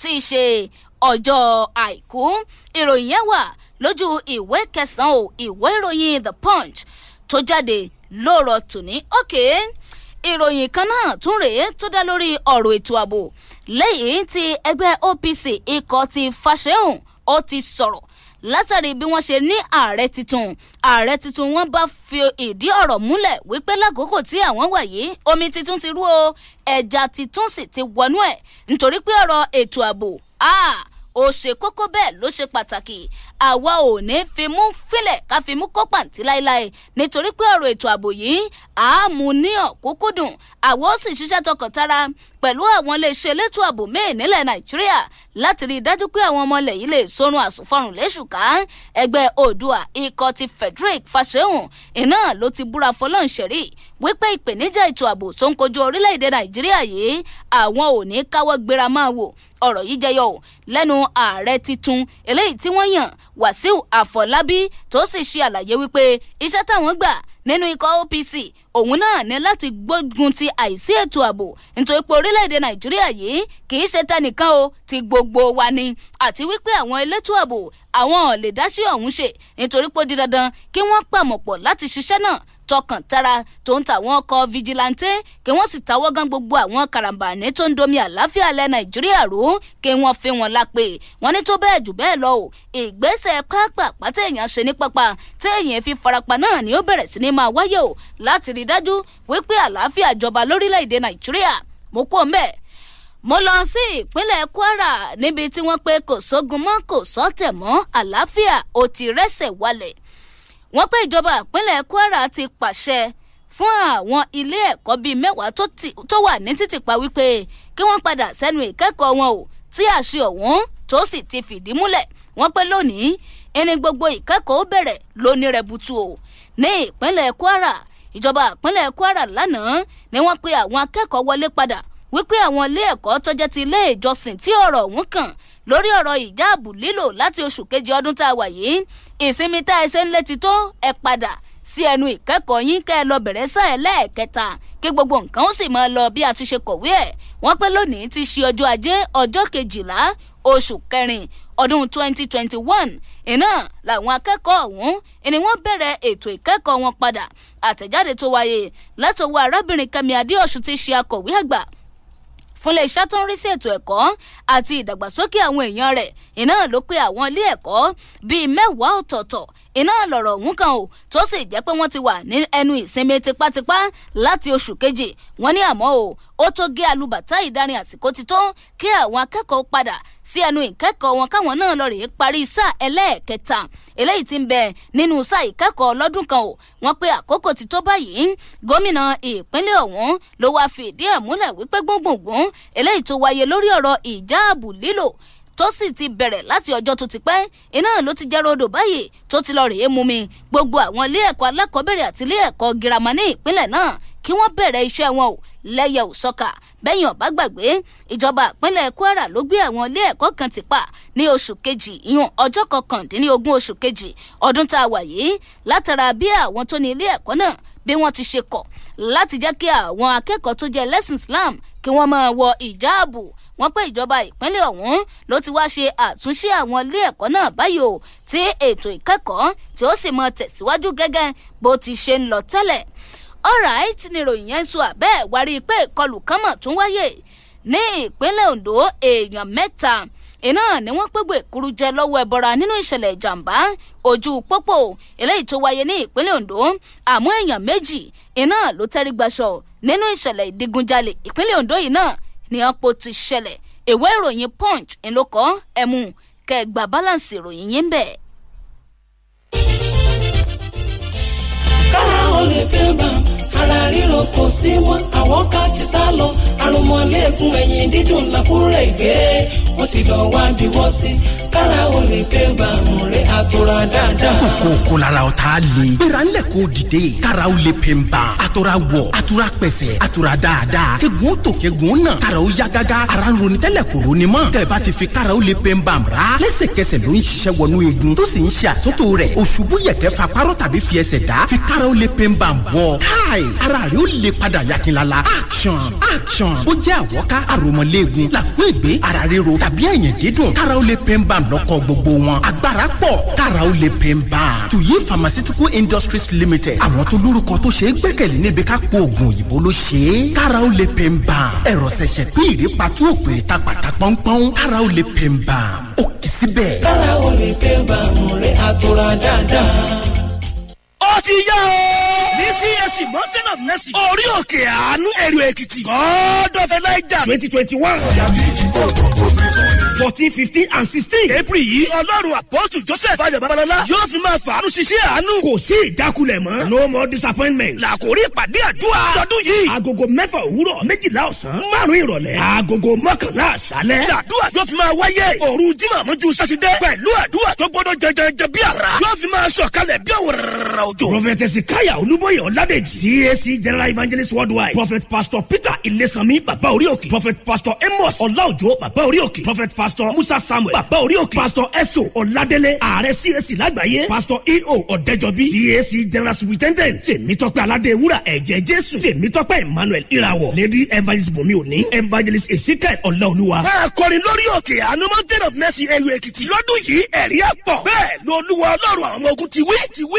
tí í ṣe ọjọ́ àìkú ìròyìn yẹn wà lójú ìwé kẹsàn-án o ìwé ìròyìn The Punch tó jáde lóòrọ̀ tòní òkè ìròyìn kan náà tún rèé tó dá lórí ọ̀rọ̀ ètò ààbò lẹ́yìn tí ẹgbẹ́ OPC ikọ̀ ti Fàṣẹ̀hùn ó ti sọ̀rọ̀ látàrí bí wọ́n ṣe ní ààrẹ tuntun ààrẹ tuntun wọn bá fi ìdí ọ̀rọ̀ múlẹ̀ wípé lákòókò tí àwọn wà yìí omi titun ti rú o ẹja titun sì ti wọnú ẹ̀ nítorí pé ọ̀rọ̀ ètò ààbò ó ṣe kókó bẹ́ẹ̀ ló ṣe pàtàkì àwa ò ní fimú fílẹ̀ ká fimú kó pàǹtí láéláé nítorí pé ọ̀rọ̀ ètò ààbò yìí àá mú ní ọ̀kúnkúndùn àwa ó sì ṣiṣẹ́ tọkàntara pẹ̀lú àwọn iléeṣẹ́ elétò ààbò míì nílẹ̀ nàìjíríà láti rí i dájú pé àwọn ọmọ ilẹ̀ yìí lè sọnù àsùnfọ̀rùn léṣù ká ẹgbẹ́ oòdùà ikọ̀ ti frederick fàṣẹhùn iná ló ti búra fọlọ́ǹṣẹ̀rí wípé ìpèníjà ètò ààbò tó ń kojú orílẹ̀-èdè nàìjíríà yìí àwọn ò ní káwọ́ gbéra máa wò ọ̀rọ̀ yìí jẹyọ o lẹ́nu ààrẹ titun eléyìí tí wọ́n yàn wàsíù àfọlábí tó sì ṣe àlàyé wípé iṣẹ́ táwọn gbà nínú ikọ̀ OPC òun náà ní láti gbógun ti àìsí ètò ààbò nítorí pé orílẹ̀-èdè Nàìjíríà yìí kì í ṣe tẹnìkan o ti gbogbo wa ni àti wípé àwọn elétò ààbò àwọn ò lè dá sí ọ̀hún ṣe nítorí pé ó di dandan kí wọ́n pàmọ̀pọ̀ láti ṣiṣẹ́ náà tọkàn tara tó ń tàwọn ọkọ̀ fijilanté kí wọ́n sì tawọ́ gan gbogbo àwọn karambani tó ń domi àláfíà alẹ́ nàìjíríà rú kí wọ́n fi wọn lápè wọ́n ní tó bẹ́ẹ̀ jù bẹ́ẹ̀ lọ o ìgbésẹ̀ pápá pátá èèyàn ṣe ní pápá téèyàn fi farapa náà ni ó bẹ̀rẹ̀ sí ni máa wáyé o láti rí dájú wípé àláfíà jọba lórílẹ̀‐èdè nàìjíríà mo kú ọmọ ẹ̀ mo lọ sí ìpínlẹ̀ kwara níbi tí wọ́n pé kò sógun mọ́ kò sọ́tẹ̀ mọ́ àláfíà ò ti rẹ́sẹ̀ walẹ̀ wọ́n pé ìjọba ìpínlẹ̀ Kwara ti pàṣẹ fún àwọn ilé ẹ̀kọ́ bíi mẹ́wàá tó wà ní títìpa wípé kí wọ́n padà sẹ́nu ìkẹ́kọ̀ọ́ wọn o tí àṣẹ ọ̀hún tó sì ti fìdí múlẹ̀ wọ́n pé lónìí ẹni gbogbo ìkẹ́kọ̀ọ́ bẹ̀rẹ̀ lónírẹ̀butu o ní ìpínlẹ̀ Kwara ìjọba ìpínlẹ̀ Kwara lánàá ni wọ́n pe àwọn akẹ́kọ̀ọ́ wọlé padà wípé àwọn ilé ẹ̀kọ́ tó jẹ́ ti ilé ìjọsìn tí ọ̀rọ̀ ọ̀hún kàn lórí ọ̀rọ̀ ìjáàbù lílò láti oṣù kejì ọdún tá a wà yìí ìsinmi tá ẹ ṣe ń létí tó ẹ padà sí ẹnu ìkẹ́kọ̀ọ́ yín kẹ́ ẹ lọ bẹ̀rẹ̀ sáà lẹ́ẹ̀kẹta kí gbogbo nǹkan ó sì máa lọ bí a ti ṣe kọ̀wé ẹ̀ wọ́n pé lónìí ti ṣe ọjọ́ ajé ọjọ́ kejìlá oṣù kẹrin ọdún 2021 iná làwọn akẹ́kọ̀ọ́ ọ̀hún ni wọ́n bẹ̀rẹ̀ ètò ìkẹ́kọ̀ọ́ wọn padà àtẹ̀jáde tó wáyé látọwọ́ arábìnrin Kẹ́mi Adéọ̀ṣun ti ṣe akọ̀wé àgbà fún iléeṣẹ́ tó ń rí sí ètò ẹ̀kọ́ àti ìdàgbàsókè àwọn èèyàn rẹ̀ iná ló pé àwọn ilé ẹ̀kọ́ bíi mẹ́wàá ọ̀tọ̀ọ̀tọ̀ iná lọ̀rọ̀ ọ̀hún kan o tó sì jẹ́ pé wọ́n ti wà ní ẹnu ìsinmi tipátipá láti oṣù kejì wọ́n ní àmọ́ o ó tó gé alùbàtà ìdarin àsìkò ti tó kí àwọn akẹ́kọ̀ọ́ padà sí ẹnu ìkẹ́kọ̀ọ́ wọn káwọn náà lọ rèé parí sáà ẹlẹ́ẹ̀kẹta eléyìí ti ń bẹ nínú sáà ìkẹ́kọ̀ọ́ lọ́dún kan o wọ́n pé àkókò ti tó báyìí gómìnà ìpínlẹ̀ ọ̀hún ló wáá fìdí ẹ̀ múlẹ̀ wípé gbóngbòngbòn eléyìí tó wáyé lórí ọ̀rọ̀ ìjáàbù lílò tó sì ti bẹ̀rẹ̀ láti ọjọ́ tó ti pẹ́ iná ló ti jẹ́ rodò báyìí tó ti lọ rèé mu mi gbogbo àwọn ilé ẹ̀kọ́ alákọ̀ọ́bẹ̀rẹ̀ àti ilé ẹ̀kọ́ girama ní ìpínlẹ̀ náà kí wọ́n bẹ̀rẹ̀ iṣẹ́ wọn ò lẹ́yẹ ò sọ́ka bẹ́yìn ọ̀bá gbàgbé ìjọba ìpínlẹ̀ Kwara ló gbé àwọn ilé ẹ̀kọ́ kan ti pa ní oṣù kejì ìyún ọjọ́ kọkàndínlógún oṣù kejì ọdún tá a wà yìí látara bí àwọn tó ní ilé ẹ̀kọ́ náà bí wọ́n ti ṣe kọ̀ láti jẹ́ kí àwọn akẹ́kọ̀ọ́ tó jẹ́ lẹ́sìn Islam kí wọ́n máa wọ ìjáàbù wọ́n pé ìjọba ìpínlẹ̀ ọ̀hún ló ti wá ṣe àtúnṣe àwọn ilé ẹ̀kọ́ náà báyìí o tí ètò ìkẹ́kọ̀ọ́ tí ó sì máa tẹ̀síwájú gẹ́gẹ́ bó ti ṣe ń lọ tẹ́lẹ̀ alright ni ìròyìn yẹn sọ àbẹ́ wárí pé ìkọlù kan mọ̀ tún wáyé ní ìpínlẹ̀ Ondo èèyàn mẹ́ta iná ni wọ́n pégbè kúrú jẹ lọ́wọ́ ẹbọra nínú ìṣẹ̀lẹ̀ ìjàmbá ojú pópó eléyìí tó wáyé ní ìpínlẹ̀ Ondo àmọ́ èèyàn méjì iná ló tẹ́rí gbaṣọ nínú ìṣẹ̀lẹ̀ ìdigunjalè ìpínlẹ̀ Ondo yìí náà ni ọ̀pọ̀ ti ṣẹlẹ̀ ìwé ìròyìn Punch ńlọkọ ẹ̀mú kẹgbà balance ìròyìn yín bẹ̀. káà ó lè pè bàbá ara ríro kò sí mọ́ àwọn ká ti sá lọ àrùnmọ́ lẹ́ẹ̀kún ẹ̀yìn dídùn làkúrẹ́ gbé wọ́n sì lọ wá bí wọ́n sí kára o lè pé bàmù rẹ̀ àtọ́ra dáadáa. kókó kó lára ọ̀tá le. gbéra ńlẹ̀ kó dìde. kára o lè pè ba. àtọ́ra wọ̀ àtúrà pẹ̀sẹ̀ àtúrà dáadáa. kegun tó kegun náà. kára o ya gágá. ara ń roni tẹ́lẹ̀ kò roni mọ́. tẹ̀bá ti fi kára o lè pè ba ra. lẹ́sẹ̀kẹsẹ̀ ló ń ṣiṣẹ́ wọnú igun. tó sì ń ṣe àtúntò rẹ̀. òṣùbù yẹ̀kẹ́ fa párọ̀ tàbí fi ẹsẹ̀ dá. fi kára o lè pè ba wọ. káì ara rẹ̀ ó lè padà yakinlala action action ó jẹ́ àwọ́ká àròmọléegun làkúègbé ara ríro tàbí ẹ̀yìn dídùn kára ó lè pè ń bá lọ́kọ̀ gbogbo wọn agbára pọ̀ kára ó lè pè ń tuyi pharmaceutical industries limited àwọn tó lórúkọ tó ṣe é gbẹ́kẹ̀lé níbi ká kó oògùn òyìnbó ló ṣe é kára ó lè pè ń bá. ẹ̀rọ ṣẹ̀ṣẹ̀ pé ìrèpàtú òpèrè ta pàtà pọ́npọ́n kára ó lè pè ń ó kì í síbẹ̀. kára ó lè pè ń bá àtúrà dáadáa ó ti yá o. ní csc mountain of mercy. orí òkè àánú èrò èkìtì. god of elijah twenty twenty one fourteen fifteen and sixteen april yìí ọlọ́run àpọ́tù joseph ayọ̀ babalọ́lá yóò fi máa fàánú ṣiṣẹ́ àánú kò sí ìdákulẹ̀ mọ́ no more disappointment làkórí ìpàdé àdúrà tọdún yìí agogo mẹ́fà òwúrọ̀ méjìlá ọ̀sán márùn-ún ìrọ̀lẹ́ agogo mọ́kànlá àṣálẹ́ làdúrà yóò fi máa wáyé òru jímọ̀ mọ́jú sátidé pẹ̀lú àdúrà tó gbọ́dọ̀ jẹjẹrẹ bí àrà yóò fi máa sọ̀kalẹ̀ bí òwúrọ̀ òjò. prọfẹtẹsì káyà olúbọyọ ọládèjì cac general evangelist worldwide prophet pastor peter ilesanmi baba orí òkè prophet pastor amos ọláòjò baba orí òkè prophet pastor musa samuel bàbá orí òkè pastor eso ọ̀ladélé ààrẹ cac lágbàáyé pastor eo ọ̀dẹ́jọbí cac general superintendent tèmítọ́pẹ́ aládé ewúrà ẹ̀jẹ̀ jésù tèmítọ́pẹ́ emmanuel irawọ lady evangelist bomi òní evangelist ezekiel ọ̀làolúwa. máa kọrin lórí òkè àánú mountain of mercy ẹ̀yọ èkìtì lọ́dún yìí ẹ̀rí ẹ̀ pọ̀ bẹ́ẹ̀ lọ́lúwa ọlọ́run àwọn ogun ti wí ti wí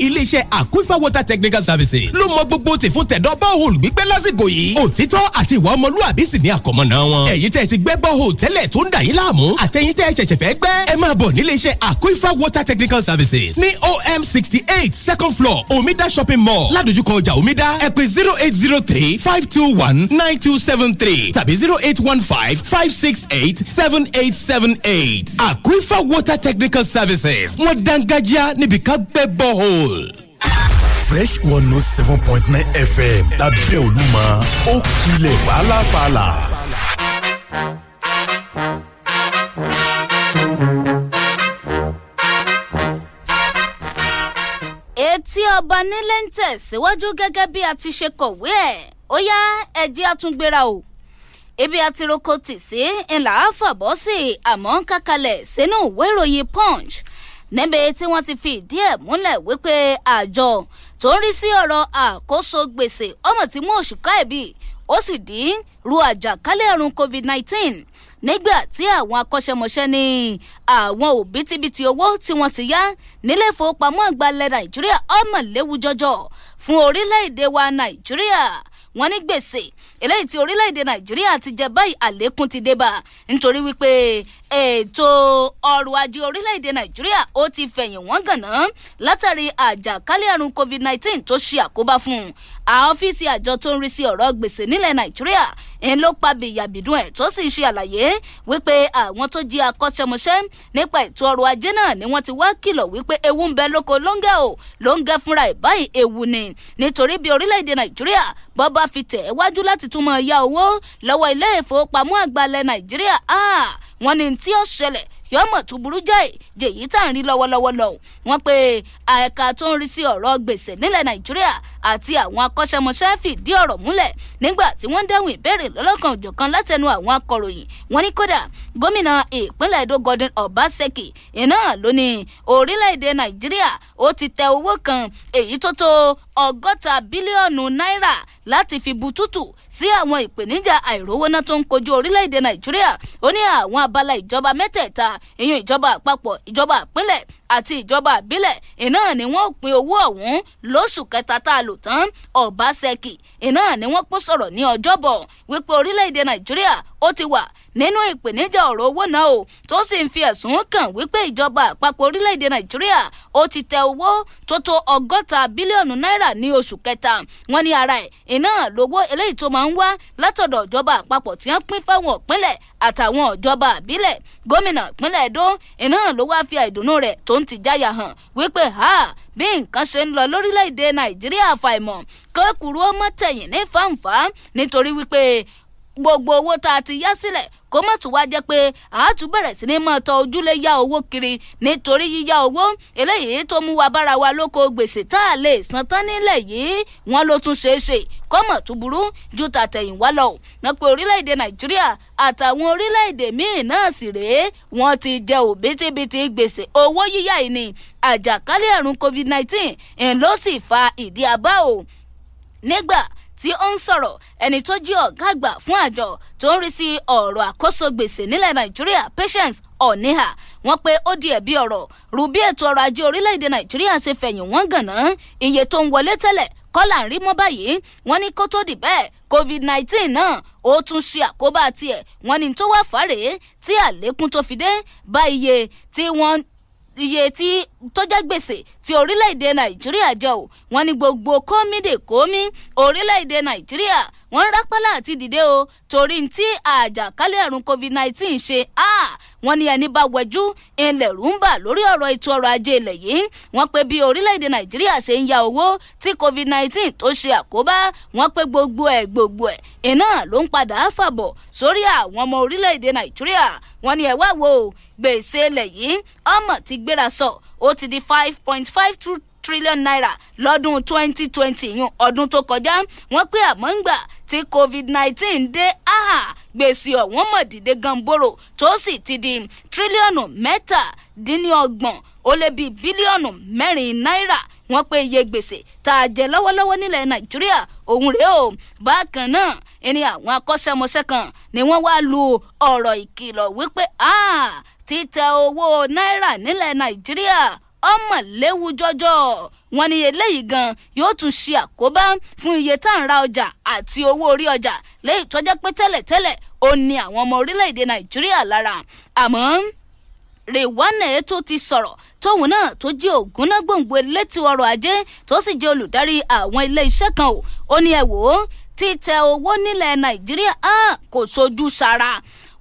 iléeṣẹ́ aquifer water technical services ló mọ gbogbo tì fún tẹ̀dọ́ bọ́ọ̀hùn gbígbẹ́ lásìkò yìí òtítọ́ àti ìwà ọmọlúwàbí sì ní àkọ́mọ́ná wọn. ẹ̀yin tẹ́ ẹ ti gbẹ́ bọ́ọ̀hùn tẹ́lẹ̀ tó ń dà yín láàmú àtẹ̀yin tẹ́ ẹ ṣẹ̀ṣẹ̀ fẹ́ gbẹ́ ẹ máa bọ̀ níléeṣẹ́ aquifer water technical services ní om sixty eight second floor omida shopping mall ládojúkọ ọjà omida ẹ zero eight zero three five two one nine two seven three tàbí zero eight one five five six eight seven eight seven eight aquifer water technical services wọ́n dángájá níbi ká gbẹ́ bọ́ọ̀hùn soul. fresh one note oh seven point nine fm lábẹ́ olúmọ ó kulẹ̀ fàlàfàlà. etí ọba nílé ń tẹ̀síwájú gẹ́gẹ́ bí a ti ṣe kọ̀wé ẹ̀ ó yá ẹ̀jẹ̀ àtúngbéra o ibi àti roko tì sí ńlá fàbọ́ sí àmọ́ ń sínú ìwé ìròyìn punch níbi tí wọ́n ti fi ìdí ẹ̀ múlẹ̀ wípé àjọ tó ń rí sí ọ̀rọ̀ àkóso gbèsè ọmọ tí mú òṣùká ẹ̀bí ó sì dín ru àjàkálẹ̀ àrùn covid-19 nígbà tí àwọn akọ́ṣẹ́mọṣẹ́ ní àwọn òbítíbitì owó tí wọ́n ti yá nílé ìfowópamọ́ àgbà ilẹ̀ nàìjíríà ọmọ léwu jọjọ fún orílẹ̀-èdè wa nàìjíríà wọ́n ní gbèsè eléyìí tí orílẹ̀-èdè nàìjíríà ti jẹ báyìí àlékún ti dé bá nítorí wípé ètò ọrọ̀ ajé orílẹ̀-èdè nàìjíríà ó ti fẹ̀yìn wọ́n gànà látàrí àjàkálẹ̀ àrùn covid-19 tó ṣe àkóbá fún un àwọn ọ́fíìsì àjọ tó ń rí sí ọ̀rọ̀ gbèsè nílẹ̀ nàìjíríà ń ló pa bìyàbìdún ẹ̀ tó sì ń ṣe àlàyé wípé àwọn tó jí akọ́ṣẹ́mọṣẹ́ nípa ètò ọrọ̀ ajé náà ni wọ́n ti wá kìlọ̀ wípé ewu ń bẹ lóko lóńgẹ́ o lóńgẹ́ fúnra ẹ̀ báyìí ewu ni nítorí bí orílẹ̀-èdè nàìjíríà bọ́bá fi tẹ̀ wájú láti túmọ̀ ya owó lọ́wọ́ ilé ìfowópamọ́ àgbàlẹ̀ nàìjíríà wọ́n ní tí ó ṣẹlẹ̀ yọmọ tó burú jáì jèyí tá à ń rí lọ́wọ́lọ́wọ́ lọ wọ́n pé àyẹ̀ka tó ń rí sí ọ̀rọ̀ gbèsè nílẹ̀ nàìjíríà àti àwọn akọ́ṣẹ́mọṣẹ́ fìdí ọ̀rọ̀ múlẹ̀ nígbà tí wọ́n dáhùn ìbéèrè lọ́lọ́kan òjọ̀kan látẹnu àwọn akọ̀ròyìn wọ́n ní kódà gómìnà ìpínlẹ̀ Èdó Godwin Obaseki iná ló ní orílẹ̀-èdè Nàìjíríà ó ti tẹ owó kan èyí tó tó ọgọ́ta bílíọ̀nù náírà láti fi bu tútù sí àwọn ìpèníjà àìrówóná tó ń kojú orílẹ̀-èdè Nàìjíríà ó ní àwọn abala ìjọba mẹ́tẹ̀ẹ̀ta ìyẹn ìjọba àpapọ̀ ìjọba ìpínlẹ̀ àti ìjọba àbílẹ̀ iná ni wọ́n pín owó ọ̀hún lóṣù kẹta tá a lò tán Ọbaṣẹ́kì iná ni wọ́n pọ́ sọ̀rọ̀ ní ọjọ́bọ̀ wípé orílẹ̀-èdè Nàìjíríà ó ti wà nínú ìpèníjà ọ̀rọ̀ owó náà o tó sì ń fi ẹ̀sùn kàn wípé ìjọba àpapọ̀ orílẹ̀-èdè nàìjíríà ó ti tẹ owó tó tó ọgọ́ta bílíọ̀nù náírà ní oṣù kẹta wọn ní ara ẹ̀ iná lówó eléyìí tó máa ń wá látọ̀dọ̀ ìjọba àpapọ̀ tí wọ́n pín fáwọn ìpínlẹ̀ àtàwọn ìjọba àbílẹ̀ gómìnà ìpínlẹ̀ èdò iná ló wá àìdùnnú rẹ̀ tó ń ti jáyà hàn wípé ha bí nǹkan ṣe ń lọ lórílẹ̀‐èdè nàìjíríà fàìmọ̀ kókùrú ó mọ́ tẹ̀yìn ní fàǹfà nítorí wípé gbogbo owó tá a ti yá sílẹ̀ kó mọ̀ tún wá jẹ́ pé àátú bẹ̀rẹ̀ sí ni mọ̀ tọ ojúlé yá owó kiri nítorí yíyá owó eléyìí tó mú wa bára wa lóko gbèsè tá a lè san tán nílẹ̀ yìí wọ́n ló tún ṣeé ṣe kó mọ̀ tún burú ju tàtẹ̀yìnwá lọ wọ́n pe orílẹ̀-èdè nàìjíríà àtàwọn orílẹ̀-èdè míì náà sì rèé wọ́n ti jẹ òbítíbitì gbèsè owó yíyá yìí ni àjàkálẹ̀ àrùn covid-19 ń ló sì fa ìdí abá o nígbà tí ó ń sọ̀rọ̀ ẹni tó jí ọ̀gá àgbà fún àjọ tó ń rí sí ọ̀rọ̀ àkóso gbèsè nílẹ̀ nàìjíríà patience ọ̀níhà wọ́n pé ó di ẹ̀bi ọ̀rọ̀ rú bí ètò ọrọ̀ ajé orílẹ̀-èdè nàìjíríà ṣe fẹ̀yìn wọ́n gànà iye tó ń wọlé tẹ́lẹ̀ kọ́là ń rí mọ́ báyìí wọ́n ní kó tó di bẹ́ẹ̀ covid-19 náà ó tún ṣe àkóbá tiẹ̀ wọ́n ní tó wá fàárẹ̀ tí àlékún tó fi dé bá iye tí wọ́n iye tí tó jẹ́ gbèsè ti orílẹ̀-èdè nàìjíríà jẹ o wọ́n ní gbogbo kómìdè kómì orílẹ̀-èdè nàìjíríà wọ́n rápálá àti dìde o torí tí àjàkálẹ̀ àrùn covid-19 ṣe wọ́n ní ẹni bá wẹjú ilẹ̀ rúmbà lórí ọ̀rọ̀ ètò ọrọ̀ ajé ilẹ̀ yìí wọ́n pé bí orílẹ̀-èdè nàìjíríà ṣe ń ya owó tí covid-19 tó ṣe àkóbá wọ́n pé gbogbo ẹ̀ gbogbo ẹ̀ iná ló ń padà fàbọ̀ sórí àwọn ọmọ orílẹ̀-èdè nàìjíríà wọ́n ní ẹ̀ wá wo gbèsè ilẹ̀ yìí ọmọ ti gbéra sọ ó ti di five point five five two trillion naira lọ́dún twenty twenty yún ọdún tó kọjá wọ́n pé àmọ́ǹgbà tí covid nineteen dé áhà gbèsè ọ̀wọ́n mọ̀ dìde gamboro tó sì ti di tírílíọ̀nù mẹ́tàdínlọ́gbọ̀n ó lé bíi bílíọ̀nù mẹ́rin náírà wọ́n pé iye gbèsè tá a jẹ lọ́wọ́lọ́wọ́ nílẹ̀ nàìjíríà òun rèé o bákan náà ẹni àwọn akọ́ṣẹ́mọṣẹ́ kan ni wọ́n wá lu ọ̀rọ̀ ìkìlọ̀ wípé títẹ owó náírà nílẹ̀ nàìjíríà ọmọ léwu jọjọ wọ́n ní eléyìí gan yóò tún ṣe àkóbá fún iye tá à ń ra ọjà àti owó orí ọjà léyìí tó jẹ́ pé tẹ́lẹ̀tẹ́lẹ̀ ó ní àwọn ọmọ orílẹ̀-èdè nàìjíríà lára àmọ́ rèwánà ètò ti sọ̀rọ̀ tóun náà tó jẹ́ ògúnná gbòǹgbò elétí ọrọ̀ ajé tó sì jẹ́ olùdarí àwọn ilé kan o ó ní ẹ wò ó títẹ owó nílẹ̀ nàìjíríà kò sojú sara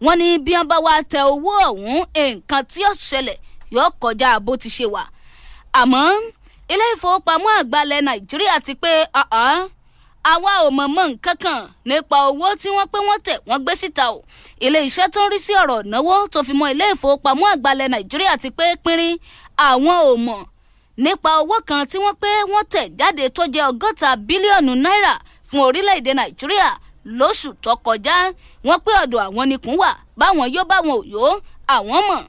wọ́n ní bí wọ́n bá wá tẹ owó ọ̀hún nǹkan tí ó ṣẹlẹ̀ yóò kọjá bó ti ṣe wà àmọ́ ilé ìfowópamọ́ àgbàlẹ̀ nàìjíríà ti pé àwa ò mọ̀mọ́ nǹkan kan nípa owó tí wọ́n pé wọ́n tẹ̀ wọ́n gbé síta o ilé iṣẹ́ tó ń rí sí ọ̀rọ̀ náwó tó fi mọ́ ilé ìfowópamọ́ àgbàlẹ̀ nàìjíríà ti pé pínrín àwọn ò mọ̀ nípa owó kan tí wọ́n pé wọ́n tẹ̀ jáde tó jẹ́ ọgọ́ta bílíọ̀nù náírà fún orílẹ̀-èdè nàìjíríà lóṣù tó kọjá wọ́n pé ọ̀dọ̀ àwọn nìkún wà báwọn yóò báwọn ò àwọn mọ̀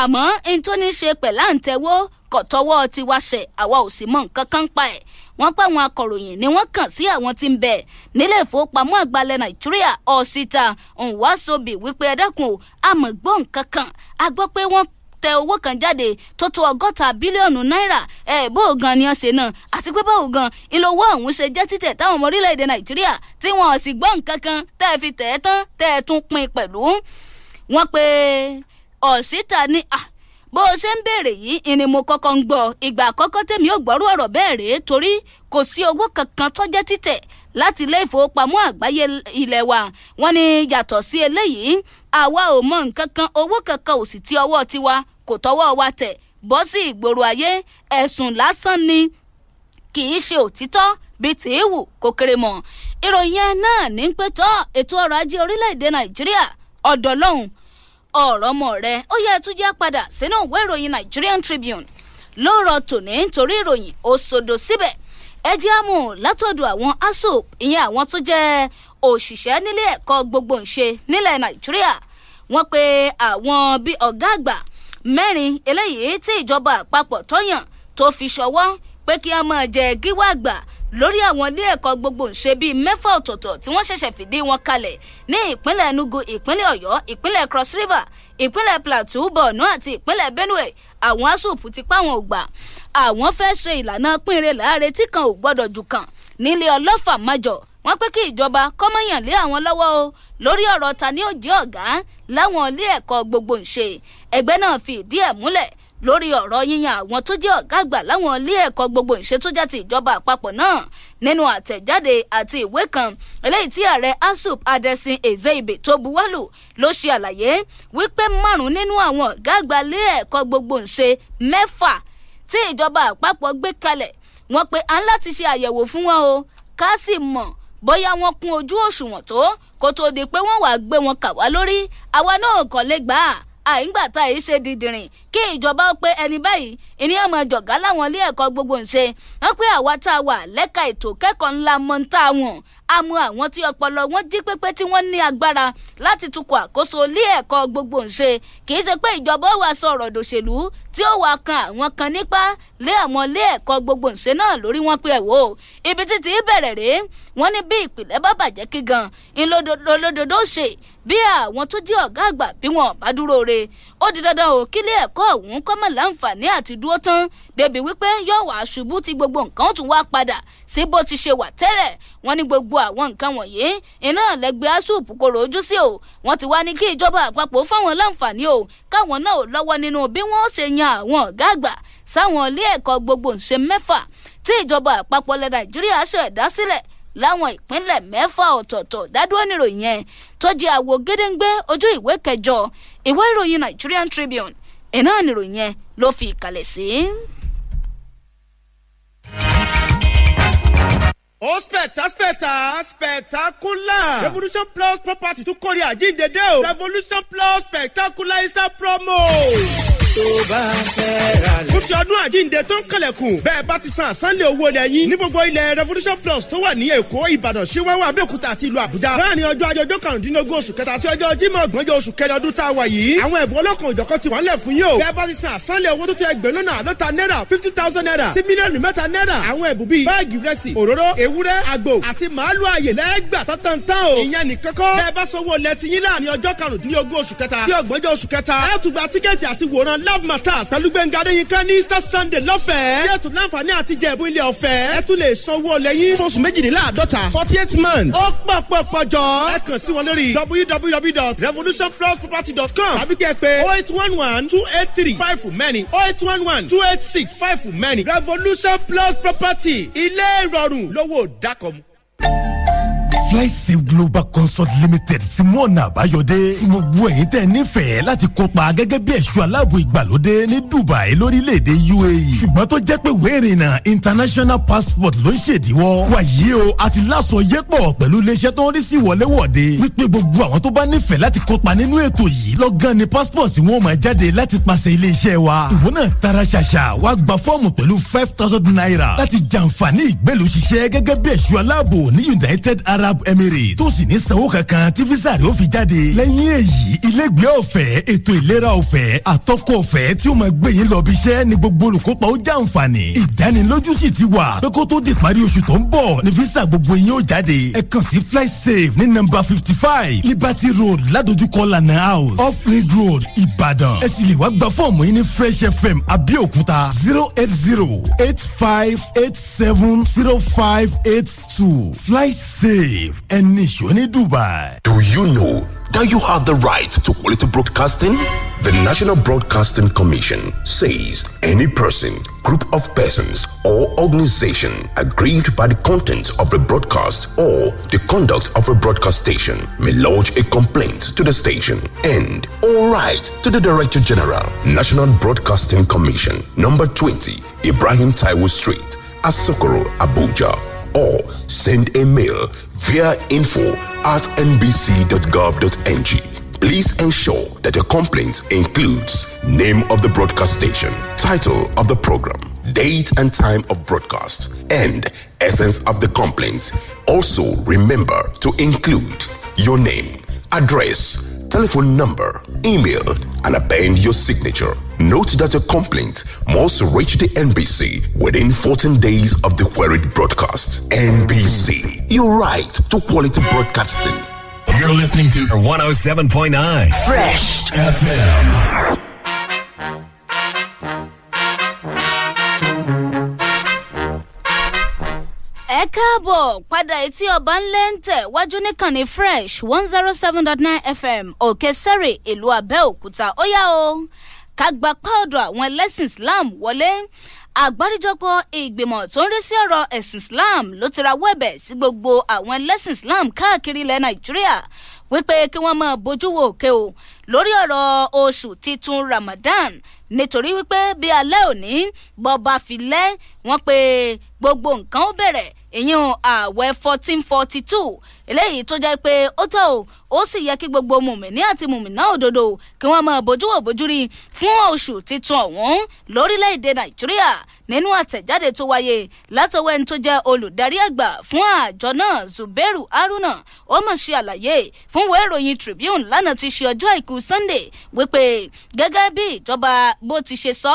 àmọ́ n tó ní ṣe pẹ̀lá ń tẹ́wọ́ kò tọwọ́ tiwa ṣẹ̀ àwa ò sì mọ nǹkan kan pa ẹ̀ wọ́n pẹ́ àwọn akọ̀ròyìn ni wọ́n kàn sí àwọn tí ń bẹ nílé ìfowópamọ́ àgbàlẹ̀ nàìjíríà ọ̀sìta nwasobi wípé ẹ dákun o àmọ́ gbọ́ nǹkan kan a gbọ́ pé wọ́n tẹ owó kan jáde tó tó ọgọ́ta bílíọ̀nù náírà ẹ bó gan ni wọ́n ṣe náà àti pé báwo gan ìlówó ọ̀hún ṣe jẹ́ títẹ̀ táwọn ọmọ orílẹ̀-èdè nàìjíríà tí wọn ò sì gbọ́ nǹkan tẹ́ ẹ fi tẹ̀ ẹ́ tán tẹ́ ẹ tún pín pẹ̀lú wọ́n pe ọ̀sítà ni bó o ṣe ń béèrè yìí ìní mo kọ́kọ́ ń gbọ́ ìgbà àkọ́kọ́ tèmi ò gbọ́rú ọ̀rọ̀ bẹ́ẹ̀ rèé torí kò sí owó kankan tó jẹ́ títẹ̀ láti ilé ìfowópamọ́ àgbáyé ilẹ̀ wa wọ́n ní yàtọ̀ sí eléyìí àwa ò mọ nǹkan kan owó kankan ò sì ti ọwọ́ tiwa kò tọwọ́ wa tẹ̀ bọ́ sí ìgboro ayé ẹ̀sùn lásán ni kì í ṣe òtítọ́ bíi tí í wù kó kéré ìròyìn náà ní pẹ́tọ́ ètò ọrọ̀ ọ̀rọ̀ ọmọ rẹ ó yẹ tún jẹ́ padà sínú ìwé ìròyìn Nigerian Tribune lóòrọ̀ tòní nítorí ìròyìn ó sodo síbẹ̀ ẹ jẹ́ àmú látọ̀dọ̀ àwọn asop ìyẹn àwọn tó jẹ́ òṣìṣẹ́ nílé ẹ̀kọ́ gbogbo ńṣe nílẹ̀ Nàìjíríà wọ́n pe àwọn bíi ọ̀gá àgbà mẹ́rin eléyìí tí ìjọba àpapọ̀ tọ́yàn tó fi ṣọwọ́ pé kí wọ́n máa jẹ gíwá àgbà lórí àwọn ilé ẹ̀kọ́ gbogbo ńṣe bíi mẹ́fà ọ̀tọ̀ọ̀tọ̀ tí wọ́n ṣẹ̀ṣẹ̀ fìdí wọn kalẹ̀ ní ìpínlẹ̀ Enugu ìpínlẹ̀ Ọ̀yọ́ ìpínlẹ̀ Cross River ìpínlẹ̀ Plateau Borno àti ìpínlẹ̀ Benue àwọn asòfù ti pa àwọn ògbà àwọn fẹ́ ṣe ìlànà pínrin láàre tí kan ò gbọ́dọ̀ jù kan nílé ọlọ́fà májọ̀ wọ́n pé kí ìjọba kọ́mọ̀yàn lé àwọn lọ́wọ́ o lórí ọ̀rọ̀ ta ni ó jẹ́ ọ̀gá láwọn ilé ẹ̀kọ́ gbogbo ńṣe ẹgbẹ́ náà fi ìdí ẹ̀ múlẹ̀ lórí ọ̀rọ̀ yíyan àwọn tó jẹ́ ọ̀gá àgbà láwọn ilé ẹ̀kọ́ gbogbo ìṣe tó jẹ́ ti ìjọba àpapọ̀ náà nínú àtẹ̀jáde àti ìwé kan eléyìí tí ààrẹ asup adesin ezeibe tó buwọ́lù ló ṣe àlàyé wípé márùn-ún nínú àwọn ọ̀gá àgbà ilé ẹ̀kọ́ gbogbo ìṣe mẹ́fà tí ìjọba àpapọ̀ gbé kalẹ̀ wọ́n pé à ń láti ṣe àyẹ̀wò fún wọn o ká sì mọ̀ bóyá wọ́n kún ojú òṣùwọ̀n tó kó tó di pé wọ́n wàá gbé wọn kà wá lórí àwa náà kọ̀ lè gbà àìgbàtà yìí ṣe dìdìrìn kí ìjọba ó pé ẹni báyìí ìní ọmọ ìjọ̀gá láwọn ilé ẹ̀kọ́ gbogbo ṣe wọ́n pé àwa tá a wà lẹ́ka ètò kẹ́kọ̀ọ́ ńlá mọ́ńtà wọn àmọ́ àwọn tí ọpọlọ wọn jí pépé tí wọ́n ní agbára láti tukọ̀ àkóso ilé ẹ̀kọ́ gbogbo ṣe kì í ṣe pé ìjọba ó wàá sọ̀rọ̀ dòṣèlú tí ó wàá kan àwọn kan nípa lé àwọn ilé ẹ̀kọ́ gbogbo ṣe náà lórí wọn pé ẹ̀wò ibi títí bẹ̀rẹ̀ rèé wọ́n ní bí ìpìlẹ̀ bá bàjẹ́ kí gan ńlọdọdọ ṣe bí àwọn tó jẹ́ ọ̀gá àgbà bí wọn bá dúró re ó di dandan o kílé ẹ̀kọ́ ọ̀hún kọ́mọ̀ láǹfààní àti dúró tán débi wípé yóò wá ṣubú tí gbogbo nǹkan ó tún wá padà sí bó ti ṣe wà tẹ́lẹ̀ wọ́n ní gbogbo àwọn nǹkan wọ̀nyí iná lẹ́gbẹ́ asup kòrò ojú sí o wọ́n ti wá ní kí ìjọba àpapọ̀ fáwọn láǹfààní o káwọn náà ò lọ́wọ́ nínú bí wọ́n ṣe yan àwọn ọ̀gá àgbà sáwọn ilé ẹ̀kọ́ gbogbo ńṣe mẹ́fà tí láwọn ìpínlẹ̀ mẹ́fà ọ̀tọ̀ọ̀tọ̀ dádúró níròyìn yẹn tó jẹ́ àwo gédéǹgbé ojú ìwé kẹjọ ìwé ìròyìn Nigerian Tribune iná níròyìn yẹn ló fi ìkàlẹ̀ sí. ó oh, spẹ̀tà spẹ̀tà spectacular revolution plus property tún kórè àjíǹde dé o revolution plus spectacular instant promo tó bá fẹ́ ra lẹ̀. fún ti ọdún àjíǹde tó ń kẹlẹ̀kùn bẹ́ẹ̀ bá ti san àsánlé owó ilẹ̀ yín ní gbogbo ilẹ̀ revolution plus tó wà ní èkó ìbàdàn ṣíwáwá abẹ́òkúta àti ìlú àbújá láàrin ọjọ́ ajọjọ́ karùndínlógún oṣù kẹta sí ọjọ́ jímọ̀ ọgbọ̀njọ́ oṣù kẹrin ọdún tá a wà yìí àwọn ẹ̀bùn ọlọ́kan òjọ̀kan ti wọ́n lẹ̀ fún yín bẹ́ẹ̀ bá ti san àsánlé owó tó tó ẹgbẹ̀rún love matters pẹ̀lú gbẹ̀ngà adéyínká ní easter sunday lọ́fẹ̀ẹ́ yóò tún láǹfààní àti jẹ̀bú ilé ọ̀fẹ́ ẹ tún lè san owó lẹ́yìn fún oṣù méjìléláàdọ́ta forty eight months ó pọ̀ pọ̀ pọ̀ jọ ẹ kàn sí wọn lórí www.revolutionplusproperty.com tàbí kẹ́ ẹ pé oh eight one one two eight three five for many oh eight one one two eight six five for many revolution plus property ilé ìrọ̀rùn lówó dákọ̀mù flysafe global consult limited simona àbáyọdé fún gbogbo ẹ̀yin tẹ́ nífẹ̀ẹ́ láti kópa gẹ́gẹ́ bí ẹ̀ṣọ́ aláàbò ìgbàlódé ní dubai lórílẹ̀ uae ṣùgbọ́n tó jẹ́ pé wéèrìnà international passport ló ń ṣèdíwọ́ wàyí o àti láṣọ yẹ́pọ̀ pẹ̀lú iléeṣẹ́ tó ń rí sí wọléwọ̀de wípé gbogbo àwọn tó bá nífẹ̀ẹ́ láti kópa nínú ètò yìí lọ́gán ni passport tí wọ́n máa jáde láti pàṣẹ iléeṣẹ́ wa ìwọ náà tara ṣàṣà wá gba fọ́ọ̀mù pẹ̀lú five thousand naira láti jàǹfààní ìgbélùṣiṣẹ́ gẹ́gẹ́ bí ẹ̀ṣọ́ aláàbò ní united arab Arab Emirates tó sì ní sanwó kankan tí visa rẹ̀ ó fi jáde lẹ́yìn èyí ilégbèé ọ̀fẹ́ ètò ìlera ọ̀fẹ́ àtọ́kọ̀ ọ̀fẹ́ tí ó máa gbé yín lọ bí iṣẹ́ ni gbogbo olùkópa ó jàǹfààní ìdánilójú sì ti wà pé kó tó di parí oṣù tó ń bọ̀ ni visa gbogbo yín ó jáde ẹ kàn sí flysafe ní nọ́mbà fifty five Liberty Road ládojúkọ lana house off road Ìbàdàn ẹ sì lè wá gba fọ́ọ̀mù yín ní Fresh FM Abẹ́òkúta zero eight zero eight five eight seven zero five eight two flysafe Live and in Dubai. Do you know that you have the right to quality broadcasting? The National Broadcasting Commission says any person, group of persons, or organization aggrieved by the content of a broadcast or the conduct of a broadcast station may lodge a complaint to the station and all right to the Director General, National Broadcasting Commission, number 20, Ibrahim Taiwo Street, Asokoro, Abuja or send a mail via info at nbc.gov.ng. Please ensure that your complaint includes name of the broadcast station, title of the program, date and time of broadcast, and essence of the complaint. Also, remember to include your name, address, telephone number, email, and append your signature. Note that a complaint must reach the NBC within 14 days of the queried broadcast. NBC, your right to quality broadcasting. You're listening to 107.9 Fresh FM. ẹ káàbọ̀ padà etí ọba ńlẹ̀ ń tẹ̀ wájú níkànnì fresh one zero seven dot nine fm òkè sẹ́rì ìlú abẹ́òkúta ó yá o ká gba pọ́ọ̀dọ̀ àwọn ẹlẹ́sìn islam wọlé àgbáríjọpọ̀ ìgbìmọ̀ tó ń rí sí ọ̀rọ̀ ẹ̀sìn islam ló ti ra wẹ́bẹ̀ sí gbogbo àwọn ẹlẹ́sìn islam káàkiri ilẹ̀ nàìjíríà wípé kí wọ́n máa bójú wo òkè o lórí ọ̀rọ̀ oṣù titun ramadan nítorí wípé bí alẹ́ òní bọ́ba filẹ̀ wọ́n pe gbogbo nǹkan ó bẹ̀rẹ̀ èyí hàn ààwẹ̀ fourteen forty two eléyìí tó jẹ́ pé ó tọ́ o ó sì yẹ kí gbogbo mùmìnì àti mùmìnà òdodo kí wọ́n máa bójú wò bójú rí fún oṣù titun ọ̀hún lórílẹ̀‐èdè nàìjíríà nínú àtẹ̀jáde tó wáyé látọwọ́ ẹni tó jẹ́ olùdarí àgbà fún àjọ náà zubairu haruna ó mọ̀ ṣe àlàyé fún ìwé ìròyìn tribune lánàá ti ṣe ọjọ́ àìkú sunday wípé gẹ́gẹ́ bí ìjọba bó ti ṣe sọ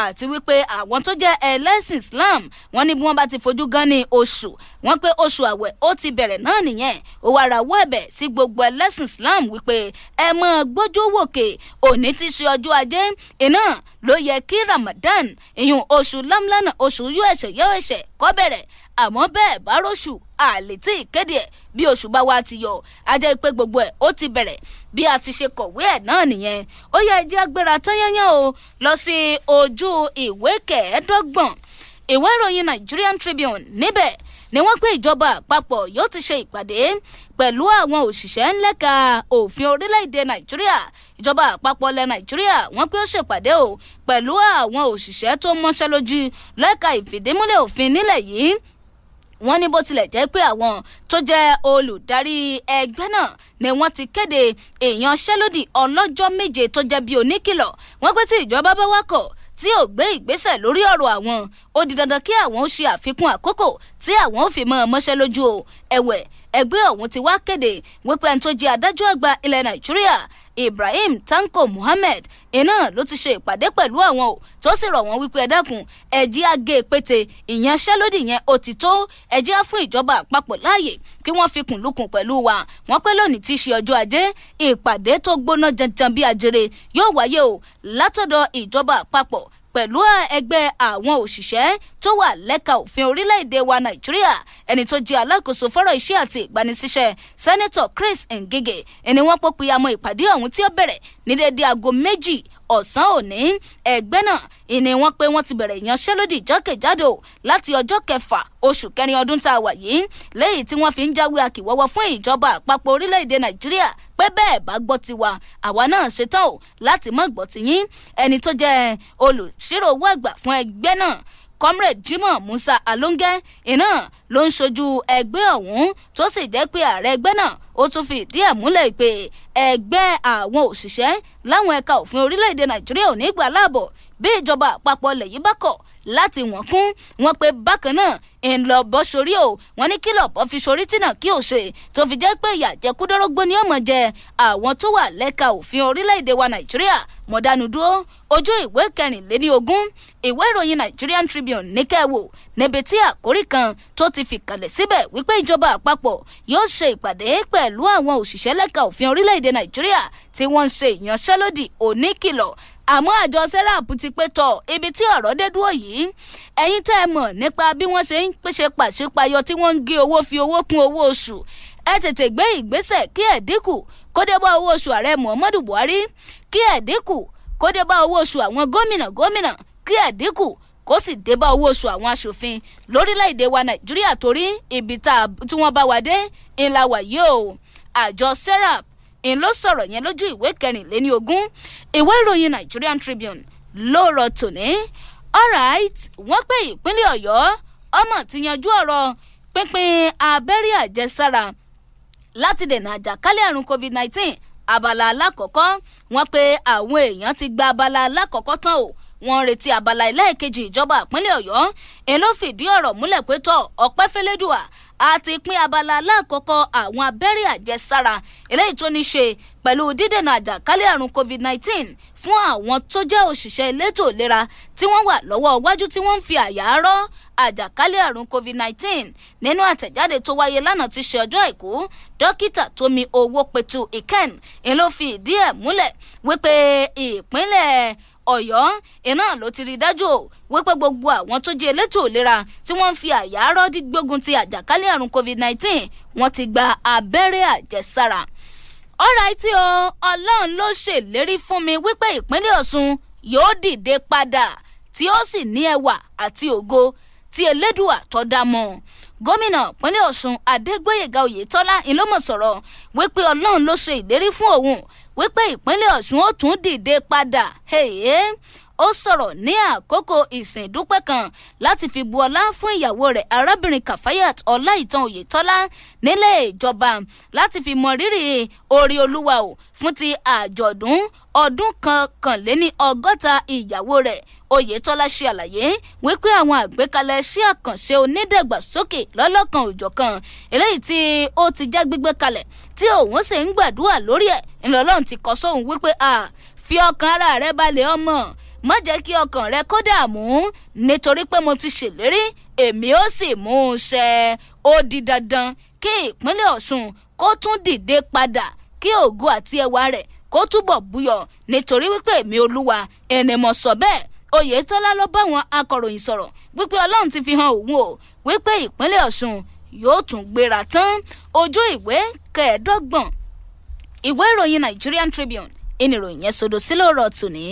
àti wípé àwọn tó jẹ́ ẹlẹ́sìn islam wọ́n ní bí wọ́n bá ti fojú gan ní oṣù wọ́n pé oṣù àwẹ̀ ó ti bẹ̀rẹ̀ náà nìyẹn ó wá rawọ́ ẹ̀bẹ̀ sí gbogbo ẹlẹ́sìn Islam wípé ẹ máa gbójú wòkè òní ti ṣe ọjọ́ ajé iná ló yẹ kí Ramadan ìyún oṣù lámlánà oṣù yóò ẹ̀ṣẹ̀ yóò ẹ̀ṣẹ̀ kọ́ bẹ̀rẹ̀ àmọ́ bẹ́ẹ̀ bá róṣù àlè tí ìkéde ẹ̀ bí oṣù bá wa ti yọ ajẹ́ pé gbogbo ẹ̀ ó ti bẹ̀rẹ̀ bí a ti ṣe kọ̀wé ẹ̀ náà nìyẹn ó yẹ ẹjẹ́ agbára tán o lọ sí ojú ìwé kẹẹ̀ẹ́dọ́gbọ̀n ìwé ìròyìn Nigerian Tribune níbẹ̀ ni wọ́n pé ìjọba àpapọ̀ yóò ti ṣe ìpàdé pẹ̀lú àwọn òṣìṣẹ́ ńlẹ́ka òfin orílẹ̀-èdè nàìjíríà ìjọba àpapọ̀ ilẹ̀ nàìjíríà wọ́n pé ó ṣèpàdé o pẹ̀lú àwọn òṣìṣẹ́ tó mọ́ṣẹ́ lójú lẹ́ka ìfìdímúlẹ̀ òfin nílẹ̀ yìí wọ́n ní bó tilẹ̀ jẹ́ pé àwọn tó jẹ́ olùdarí ẹgbẹ́ náà ni wọ́n ti kéde ìyanṣẹ́lódì ọlọ́jọ́ méje tó jẹ́ bí oníkìlọ̀ wọ́n pé tí ìjọba bá wákọ̀ tí ò gbé ìgbésẹ̀ lórí ọ̀rọ̀ àwọn ó di dandan kí àwọn ó ṣe àfikún àkókò tí àwọn ó fi mọ́ ọmọṣẹ́ lójú o ẹ̀wẹ̀ ẹgbẹ́ ọ̀hún ti wá kéde wípé ẹni tó jẹ́ adájọ́ àgbà ilẹ̀ Nàìjíríà Ibrahim Tanko Muhammed iná ló ti ṣe ìpàdé pẹ̀lú àwọn o tó sì rọ̀ wọ́n wípé ẹ dákun ẹ̀jẹ̀ agé e pété ìyanṣẹ́lódì yẹn ó ti tó ẹ̀jẹ̀ á fún ìjọba àpapọ̀ láàyè kí wọ́n fi kùnlùkùn pẹ̀lú wa wọ́n pé lónìí ti ṣe ọjọ́ ajé ìpàdé tó gbóná janjan bí ajere yóò wáyé o látọ̀dọ̀ ìjọba àpapọ̀ pẹ̀lú ẹgbẹ́ àwọn òṣìṣẹ́ tó wà lẹ́ka òfin orílẹ̀-èdè wa nàìjíríà ẹni tó jẹ́ alákòóso fọ́rọ̀ iṣẹ́ àti ìgbanisíṣẹ́ sẹ́nẹ́tọ̀ Chris Ngige ẹni wọ́n pòpìyàmọ́ ìpàdé ọ̀hún tí ó bẹ̀rẹ̀ ní déédéé aago méjì ọ̀sán òní ẹgbẹ́ náà ìní wọn pé wọ́n ti bẹ̀rẹ̀ ìyanṣẹ́lódì jákèjádò láti ọjọ́ kẹfà oṣù kẹrin ọdún tá a wà yìí lẹ́yìn tí wọ́n fi ń jáwé akìwọ́wọ́ fún ìjọba àpapọ̀ orílẹ̀-èdè nàìjíríà pé bẹ́ẹ̀ bá gbọ́ tiwa àwa náà ṣetán o láti mọ́ gbọ́ tiyín ẹni tó jẹ́ olùṣírò owó àgbà fún ẹgbẹ́ náà comrade jimoh musa alonge iná ló ń ṣojú ẹgbẹ́ ọ̀hún tó sì jẹ́ pé ààrẹ ẹgbẹ́ náà ó tún fi ìdí ẹ̀ múlẹ̀ pé ẹgbẹ́ àwọn òṣìṣẹ́ láwọn ẹ̀ka òfin orílẹ̀-èdè nàìjíríà ò ní gbà láàbọ̀ bí ìjọba àpapọ̀ lẹ̀ yí bá kọ̀ láti wọ́n kún wọ́n pé bákan náà ń lọ bọ́ sórí o wọ́n ní kí lọ́bọ̀ fi sórí tìǹà kí ò ṣe tó fi jẹ́ pé ìyà jẹkúdọ́rọ́gbó ni ó jẹ àwọn tó wà lẹ́ka òfin orílẹ̀-èdè wa nàìjíríà mọ̀dánù ojú ìwé kẹrìnléní ìwé ìròyìn Nigerian Tribune ní kẹ́wò níbi tí àkórí kan tó ti ti fìkàlẹ̀ síbẹ̀ wípé ìjọba àpapọ̀ yóò ṣe ìpàdé pẹ̀lú àwọn òṣìṣẹ́ lẹ́ka òfin orílẹ̀-èdè nàìjíríà tí wọ́n ń ṣe ìyanṣẹ́lódì oníkìlọ̀ àmọ́ àjọ serap ti pé tọ̀ ibi tí ọ̀rọ̀ dé dúró yìí ẹ̀yin tẹ́ ẹ mọ̀ nípa bí wọ́n ṣe ń pèsè pàṣípayọ tí wọ́n ń gé owó fi owó kún owó oṣù ẹ tètè gbé ìgbésẹ̀ kí ẹ̀ dínkù kó owó oṣù ààrẹ muhammadu buhari kí ẹ̀ dínkù kó owó oṣù àwọn gómìnà gómìnà kí ẹ̀ dínkù kó sì dé bá owó oṣù àwọn aṣòfin lórílẹ̀‐èdè wa nàìjíríà torí ibi tí wọ́n bá wa dé ńlá wà yìí o àjọ serap ń ló sọ̀rọ̀ yẹn lójú ìwé kẹrìnléní ogún ìwé ìròyìn Nigerian Tribune ló rọ tòní alright wọ́n pé ìpínlẹ̀ ọ̀yọ́ ọmọ ti yanjú ọ̀rọ̀ pínpín abẹ́rẹ́ àjẹsára láti dènà àjàkálẹ̀ àrùn covid-19 abala alákọ̀ọ́kọ́ wọ́n pé àwọn èèyàn ti gba abala alákọ̀ọ́kọ́ tán o wọ́n retí abala ẹlẹ́ẹ̀kejì ìjọba ìpínlẹ̀ ọ̀yọ́ èyí ló fìdí ọ̀rọ̀ múlẹ̀ pé tọ́ ọpẹ́ fẹ́lẹ́dùà àti pín abala alákọ̀ọ́kọ́ àwọn abẹ́rẹ́ àjẹsára eléyìí tó ní ṣe pẹ̀lú dídènà àjàkálẹ̀ àrùn covid-19 fún àwọn tó jẹ́ òṣìṣẹ́ elétò ìlera tí wọ́n wà lọ́wọ́ iwájú tí wọ́n ń fi àyà rọ́ àjàkálẹ̀ àrùn covid-19 nínú àtẹ̀jáde tó wáyé lánàá ti ṣe ọjọ́ àìkú dókítà tómi owó petu iken ń ló fi ìdí ẹ̀ múlẹ̀ wípé ìpínlẹ̀ ọ̀yọ́ iná ló ti rí dájú wípé gbogbo àwọn tó jẹ́ elétò ìlera tí wọ́n ń fi àyàárọ́ dígbógun ti àjàkálẹ̀ àrùn covid-19 wọ́n ti gba abẹ́rẹ́ àjẹsára ọ̀ráìtì o ọlọ́run ló ṣèlérí fún mi wípé ìpínlẹ̀ ọ̀ṣun yóò dìde padà tí ó sì ní ẹwà àti ògo tí elédùà tó dá mọ́ gómìnà ìpínlẹ̀ ọ̀ṣun adégbóyèga oyètọ́lá ìlómọ̀sọ̀rọ̀ wípé ọlọ́run ló ṣe ìlérí fún òun wípé ìpínlẹ̀ ọ̀ṣun ó tún dìde padà eh. ó sọ̀rọ̀ ní àkókò ìsìn ìdúpẹ́ kan láti fi bu ọlá fún ìyàwó rẹ̀ arábìnrin kafayat ọláìtàn òyetọ́lá nílé ìjọba láti fi mọ rírì orí olúwa o fún ti àjọ̀dún ọdún kankanléní ọgọ́ta ìyàwó rẹ̀ oyetola ṣe àlàyé wípé àwọn àgbékalẹ̀ iṣẹ́ àkànṣe onídàgbàsókè lọ́lọ́kan òjọ̀kan eléyìí tí ó ti jẹ́ gbígbé kalẹ̀ tí òun sì ń gbàdúrà lórí ẹ̀ ńlọ́lọ́run ti kọ sóhun wípé fi ọkàn ara rẹ balẹ̀ ọmọ má jẹ́ kí ọkàn rẹ kó dààmú nítorí pé mo ti ṣèlérí èmi ó sì mú un ṣẹ ó di dandan kí ìpínlẹ̀ Ọ̀ṣun kó tún dìde padà kí ògo àti ẹwà rẹ̀ kó túbọ̀ búyọ̀ nítorí wípé èmi olúwa ẹni sọ bẹ́ẹ̀ Oyètọ́lá ló bá wọn akọ̀ròyìn sọ̀rọ̀ wípé Ọlọ́run ti fi hàn òun o wípé ìpínlẹ̀ Ọ̀ṣun yóò tún gbéra tán ojú ìwé kẹẹ̀ẹ́dọ́gbọ̀n ìwé ìròyìn Nigerian Tribune ìnìròyìn yẹn sọdọ̀ sílẹ̀ ọ̀rọ̀ tòní.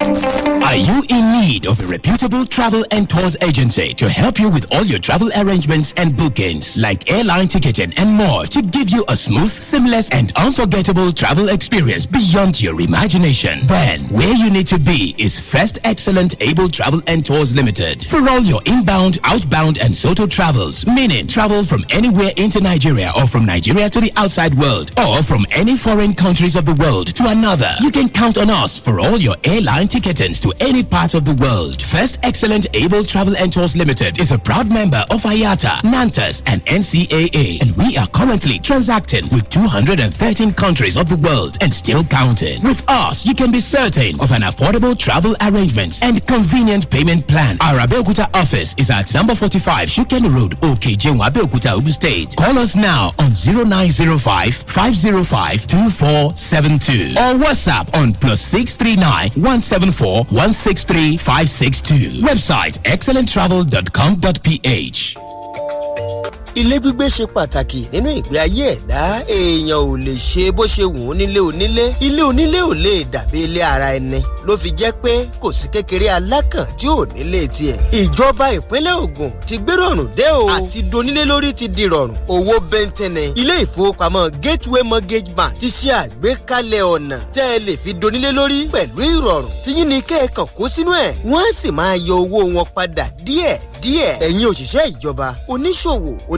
Are you in need of a reputable travel and tours agency to help you with all your travel arrangements and bookings, like airline ticketing and more, to give you a smooth, seamless, and unforgettable travel experience beyond your imagination? Then, where you need to be is First Excellent Able Travel and Tours Limited. For all your inbound, outbound, and Soto travels, meaning travel from anywhere into Nigeria or from Nigeria to the outside world, or from any foreign countries of the world to another, you can count on us for all your airline 90 to any part of the world. First Excellent Able Travel and Tours Limited is a proud member of IATA, Nantes, and NCAA, and we are currently transacting with 213 countries of the world and still counting. With us, you can be certain of an affordable travel arrangements and convenient payment plan. Our Abeokuta office is at number 45 Shuken Road, Okejenwa, Abeokuta, Ogun State. Call us now on 0905 505 2472 or WhatsApp on plus 639 Website excellenttravel.com.ph. ilé gbígbé ṣe pàtàkì nínú ìgbé ayé ẹ̀dá èèyàn ò lè ṣe bó ṣe wù ú nílé onílé ilé onílé ò lè dàbí ilé ara ẹni ló fi jẹ́ pé kò sí kékeré alákàn tí ò nílé tiẹ̀. ìjọba ìpínlẹ̀ Ògùn ti gbéròrùn dé o àti donílé lórí ti di rọrùn owó bẹ́ntẹ́nì ilé ìfowópamọ́ Gateway Mortgage Bank ti ṣe àgbékalẹ̀ ọ̀nà tẹ́ ẹ lè fi donílé lórí pẹ̀lú ìrọ̀rùn tí yín ni kẹ́ẹ̀kan kó sínú ẹ̀ wọ́n sì máa yọ owó wọn padà díẹ̀ díẹ̀ ẹ̀yin òṣìṣẹ́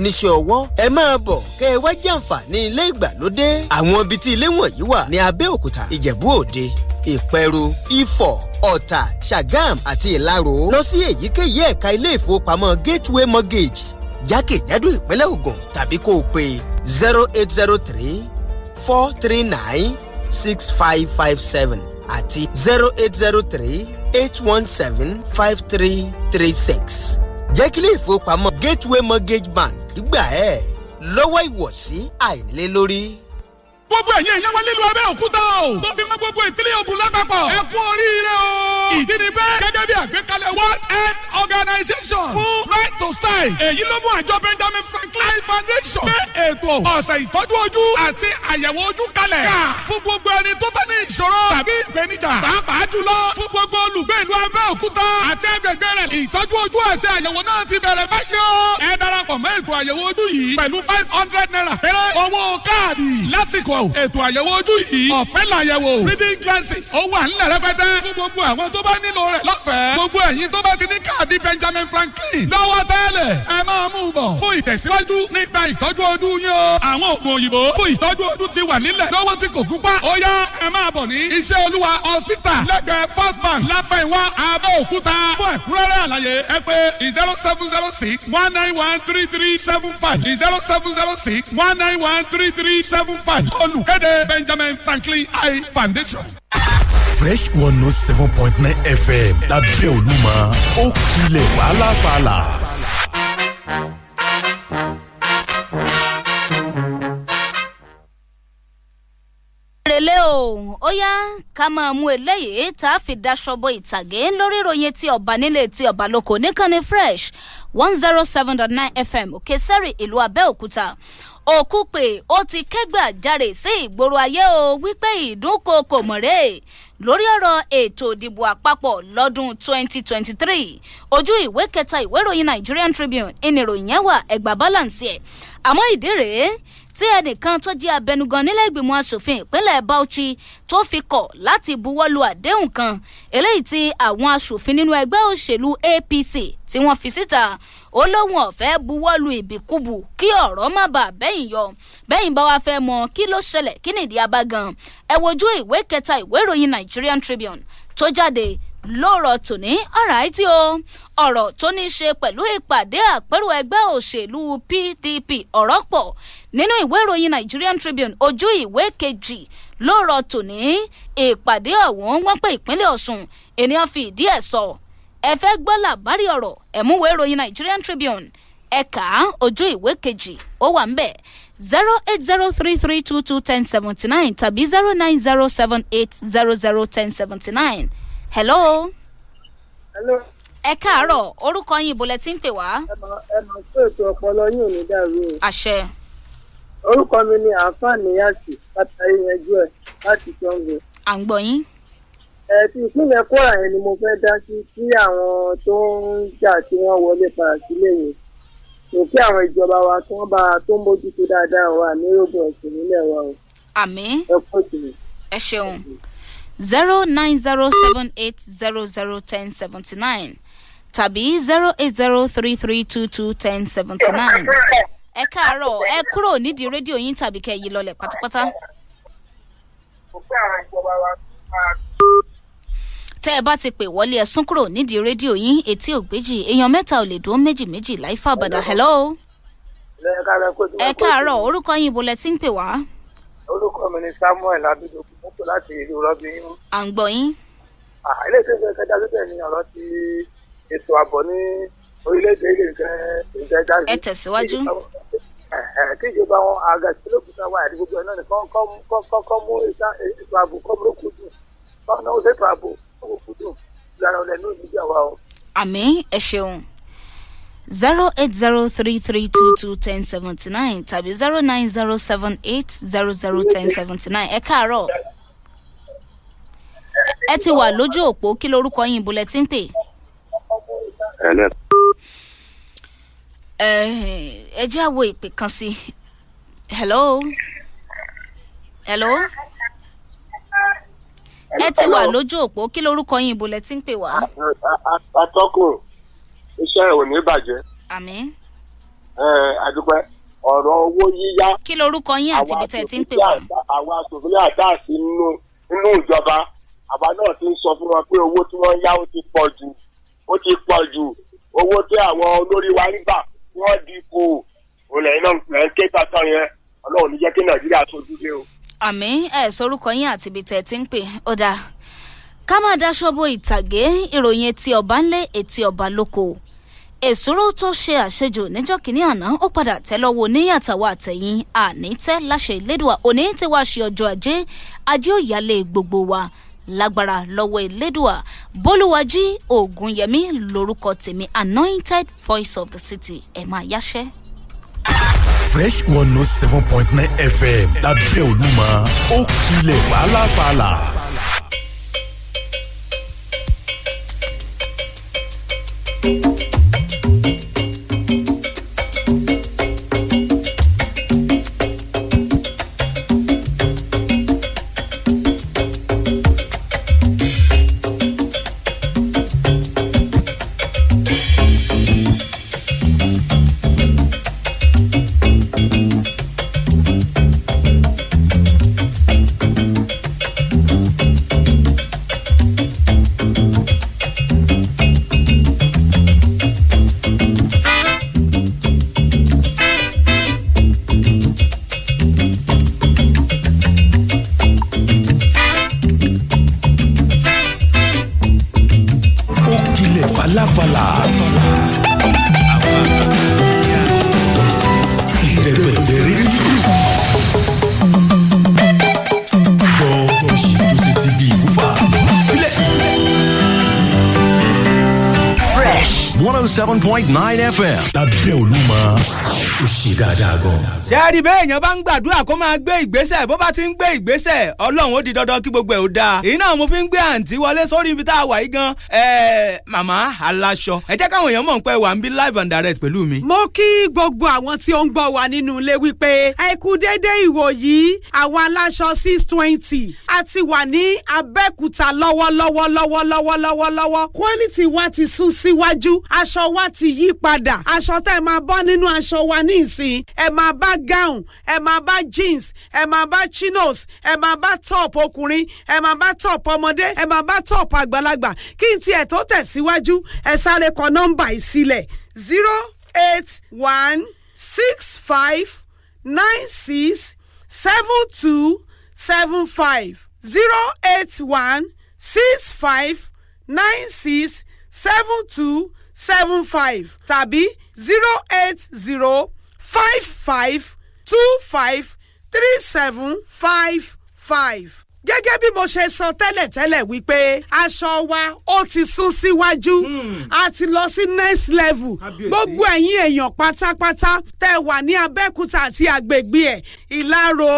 oníṣẹ́ ọwọ́ ẹ máa bọ̀ kẹ́ ẹ wá jàǹfààní ilé ìgbàlódé àwọn ibi tí ilé wọ̀nyí wà ní Abẹ́òkúta Ìjẹ̀bú Òde Ìpẹ̀rù Ifọ̀ Ọ̀tà Ṣàgám àti Ìlaró lọ sí èyíkéyìí ẹ̀ka ilé ìfowópamọ́ Gateway Mortgage jákèjádò ìpínlẹ̀ Ògùn tàbí kó o pe zero eight zero three four three nine six five five seven àti zero eight zero three eight one seven five three three six jẹ́ kí ilé ìfowópamọ́ gateway mortgage bank gbà ẹ́ lọ́wọ́ ìwọ̀sí àìnílélórí gbogbo ẹ̀yẹ ìyáwó nílùú Abẹ́òkúta o. tó fi mọ́ gbogbo ìpínlẹ̀ Ògùn lápapọ̀. ẹ kú oríire o. ìdí ni bẹ́ẹ̀ gẹ́gẹ́ bí àgbékalẹ̀ World Health Organization fún Right to Sight. èyí ló mú àjọ Benjamin Franklin Foundation gbé ètò ọ̀sẹ̀ ìtọ́jú ojú àti àyẹ̀wò ojú kalẹ̀. ká fún gbogbo ẹni tó bá ní ìṣòro tàbí ìpèníjà. pàápàá jùlọ fún gbogbo olùgbé ìlú Abẹ́òkúta àti ẹgbẹ̀gbẹ̀ rẹ̀ ìtọ́jú ojú àti àyẹ̀wò náà ti bẹ̀rẹ̀ báyọ̀. ẹ darapọ̀ mọ́ ètò àyẹ̀wò ojú yìí pẹ̀lú five hundred naira. owó káàdì lásìkò o. ètò àyẹ̀wò ojú yìí ọ̀fẹ́ làyẹ̀wò reading glasses ó wà nílẹ̀ rẹpẹtẹ fún gbogbo àwọn tó bá nílò rẹ̀ lọ́fẹ̀ẹ́ gbogbo ẹ̀yin tó bá ti ní káàdì Benjamin Franklin lọ́wọ́ tẹ́lẹ̀ ẹ máa mú un bọ̀ fún ìtẹ̀síwájú nípa ìtọ́jú ojú yín o. àwọn oògùn òyìnbó fún ìtọ́jú ojú ti wà nílẹ̀ lọ́wọ́ tí kò gúnpá ó yá ẹ máa bọ̀ ní iṣẹ́ olúwa hospital lẹ́gbẹ̀ẹ́ first bank láfẹ̀wá abẹ́òkúta fún ẹ̀kúrẹ́rẹ́ àlàyé ẹ pé zero seven zero six one nine one three three seven five zero seven zero six one nine one three three seven five lù kéde Benjamin Franklin High Foundation. Fresh one note oh seven point nine FM lábẹ́ Olúmọ ó kilẹ̀ fàlàfàlà. rèlé o ó yá ká máa mú eléyìí tá a fi daṣọ bo ìtàgé lórí ìròyìn tí ọba nílé tí ọba lóko nìkan ni fresh one zero oh seven dot nine fm òkè sẹ́rì ìlú Abẹ́òkúta Òkúpè ó ti kẹ́gbàjarè sí ìgboro ayé o wípé ìdúnkokò mọ̀rẹ́ lórí ọ̀rọ̀ ètò ìdìbò àpapọ̀ lọ́dún 2023 ojú ìwé kẹta ìwé ìròyìn Nigerian Tribune ìnìròyìn yẹn wà ẹgbà balance ẹ̀ àmọ́ ìdí rèé tí ẹnìkan tó jẹ́ abẹnugan nílẹ̀ ìgbìmọ̀ asòfin ìpínlẹ̀ Bauchi tó fi kọ̀ láti buwọ́lu àdéhùn kan eléyìí tí àwọn asòfin nínú ẹgbẹ́ òṣèlú APC tí wọ́n fi síta ó lóun ọ̀fẹ́ buwọ́lu ìbíkúbu kí ọ̀rọ̀ má ba bẹ́yìn yọ bẹ́yìn bá wa fẹ́ mọ kí ló ṣẹlẹ̀ kí nìdí abágan ẹ wojú ìwé kẹta ìwé ìròyìn Nigerian Tribune tó jáde lóòrọ̀ tòní ọ̀rọ̀ àìtí o ọ̀rọ̀ tó ní í ṣe pẹ̀lú ìpàdé àpérò ẹgbẹ́ òṣèlú PDP ọ̀rọ̀ pọ̀ nínú ìwé ìròyìn Nigerian Tribune ojú ìwé kejì lóòrọ̀ tòní ìpàdé ọ̀hún wọ́n pé ìpínlẹ̀ Ọ̀ṣun ènìyàn fi ìdí ẹ̀ sọ ẹ fẹ́ gbọ́ làbárí ọ̀rọ̀ ẹ̀múwèé ìròyìn Nigerian Tribune ẹ̀ka ojú ìwé kejì ó wà ń bẹ̀ zero eight zero three three two two ten seventy nine tàbí zero nine zero seven eight zero zero ten seventy nine hello. hello. ẹ káàárọ̀ orúkọ yín ibo lẹ ti ń pè wá. ẹ mọ ẹ mọ sí ètò ọpọlọ yín ò ní dàrú àṣẹ. orúkọ mi ni àǹfààní yàtì látàrí ẹjọ ẹ láti sango. à ń gbọ́ yín ẹ̀sìn ìpínlẹ̀ Kwara yẹn ni mo fẹ́ dá sí kí àwọn tó ń jà tí wọ́n wọlé padà sílé yẹn kò kí àwọn ìjọba wa tí wọ́n bá tó ń bójútó dáadáa wà ní ogun ẹ̀sìn nílẹ̀ wa o. àmín ẹ ṣeun zero nine zero seven eight zero zero ten seventy nine tàbí zero eight zero three three two two ten seventy nine ẹ káàárọ̀ ẹ kúrò nídìí rédíò yín tàbí kẹ́ ẹ pátápátá. kò kí tẹ́ ẹ bá ti pè wọlé ẹ sún kúrò nídìí rédíò yín etí ògbéjì èèyàn mẹ́ta ò lè dúró méjì méjì láì fàbàdà hello. ẹ káàárọ̀ orúkọ yín ibo lẹ ti ń pè wá. orúkọ mi ni samuel abidogun mo kò láti ìlú rọbì yín. à ń gbọ́ yín. ilé iṣẹ́ ìfẹ́ kẹta síbẹ̀ ni ọ̀rọ̀ ti ètò ààbò ní orílẹ̀-èdè ilé ìfẹ́ jáde. ẹ tẹ̀síwájú. kíjọba àwọn àga ìpínlẹ̀kùnrin wa àdìgbò náà ni kọ́ mú ètò ààbò kọ́ mú lókùn kọ́ náà ó ṣètò ààbò òkúdò yàrá ọ̀lẹ́ ní ìdíjà wa o. àmì ẹ ṣeun zero eight zero three three two two ten seventy nine tàbí zero nine zero seven eight zero zero ten seventy nine ẹ káàárọ̀ ẹ ti wà lójú òpó kí lorúkọ yín bulẹ̀ tí ń pè. ẹ jẹ́ àwo ìpè kan sí hello hello. hello? ẹ ti wà lójú òpó kí lorúkọ yín ibo lẹ ti ń pè wá. atọ́kùn iṣẹ́ ò ní bàjẹ́. àmín. àdúpẹ́ ọ̀rọ̀ owó yíyá. kí lorúkọ yín àti ibi tẹ̀ ti ń pè wá. àwọn asòfin àdáàsí nínú ìjọba àbá náà ti ń sọ fún wọn pé owó tí wọ́n yá ó ti pọ̀ jù ó ti pọ̀ jù owó tí àwọn olórí wa ń gbà wọ́n dínkù olè náà ń ké tata yẹn ọlọ́run ní jẹ́ kí nàìjíríà tó dúdé o àmì ẹ̀ sọrúkọ yín àti ibi tẹ̀ ti ń pè ó dáa ká má daṣọ bo ìtàgé ìròyìn etí ọba ńlẹ̀ etí ọba lóko èsúró tó ṣe àṣejù níjọ́ kìíní àná ó padà tẹ́ lọ́wọ́ oníyàtàwọ̀ àtẹ̀yìn àní tẹ́ láṣẹ ìlédùà òní tí wàá ṣe ọjọ́ ajé ajé òyàlé gbogbo wa lágbára lọ́wọ́ ìlédùà bólúwájí ògùnyẹmí lórúkọ tèmi anointed voice of the city ẹ̀ máa yáṣẹ́. 107.9 FM Dabè ou louman Okile Fala Fala 101.9 FM. Tabe ou o ou ṣẹ́ẹ́rì bẹ́ẹ̀ yẹn bá ń gbàdúrà kó máa gbé ìgbésẹ̀ bó bá ti ń gbé ìgbésẹ̀ ọlọ́run ó di dandan kí gbogbo ẹ̀ ó dáa èyí náà mo fi ń gbé àǹtí wọlé sórí ibi tá a wà yìí gan ẹ màmá aláṣọ ẹ jẹ́ káwọn èèyàn mọ̀ pé wà ń bí live and direct pẹ̀lú mi. mo kí gbogbo àwọn tí ó ń gbọ́ wa nínú ilé wípé ẹ kú dédé ìwòyí àwọn aláṣọ six twenty a ti wà ní abẹ́kúta lọ́wọ́lọ́wọ́lọ́wọ́lọ́wọ́lọ́wọ́ quality wa ti sún síwájú aṣọ wa ti yí padà aṣọ tẹ́ máa bọ́ nínú aṣọ wa ní ìsìn ẹ máa bá gown ẹ máa bá jeans ẹ máa bá chinos ẹ máa bá top ọkùnrin ẹ máa bá top ọmọdé ẹ máa bá top àgbàlagbà kí n tiẹ̀ tó tẹ̀síwájú ẹ sáré kọ nọ́mbà yìí zero eight one six five nine six seven two seven five zero eight one six five nine six seven two seven five tàbí zero eight zero five five two five three seven five five gẹ́gẹ́ bí mo ṣe sọ tẹ́lẹ̀tẹ́lẹ̀ wípé aṣọ wa ó ti sún síwájú hmm. a ti lọ sí next level gbogbo ẹ̀yin èèyàn pátápátá tẹ́ wà ní Abẹ́òkúta àti àgbègbè ẹ̀ Ìlaró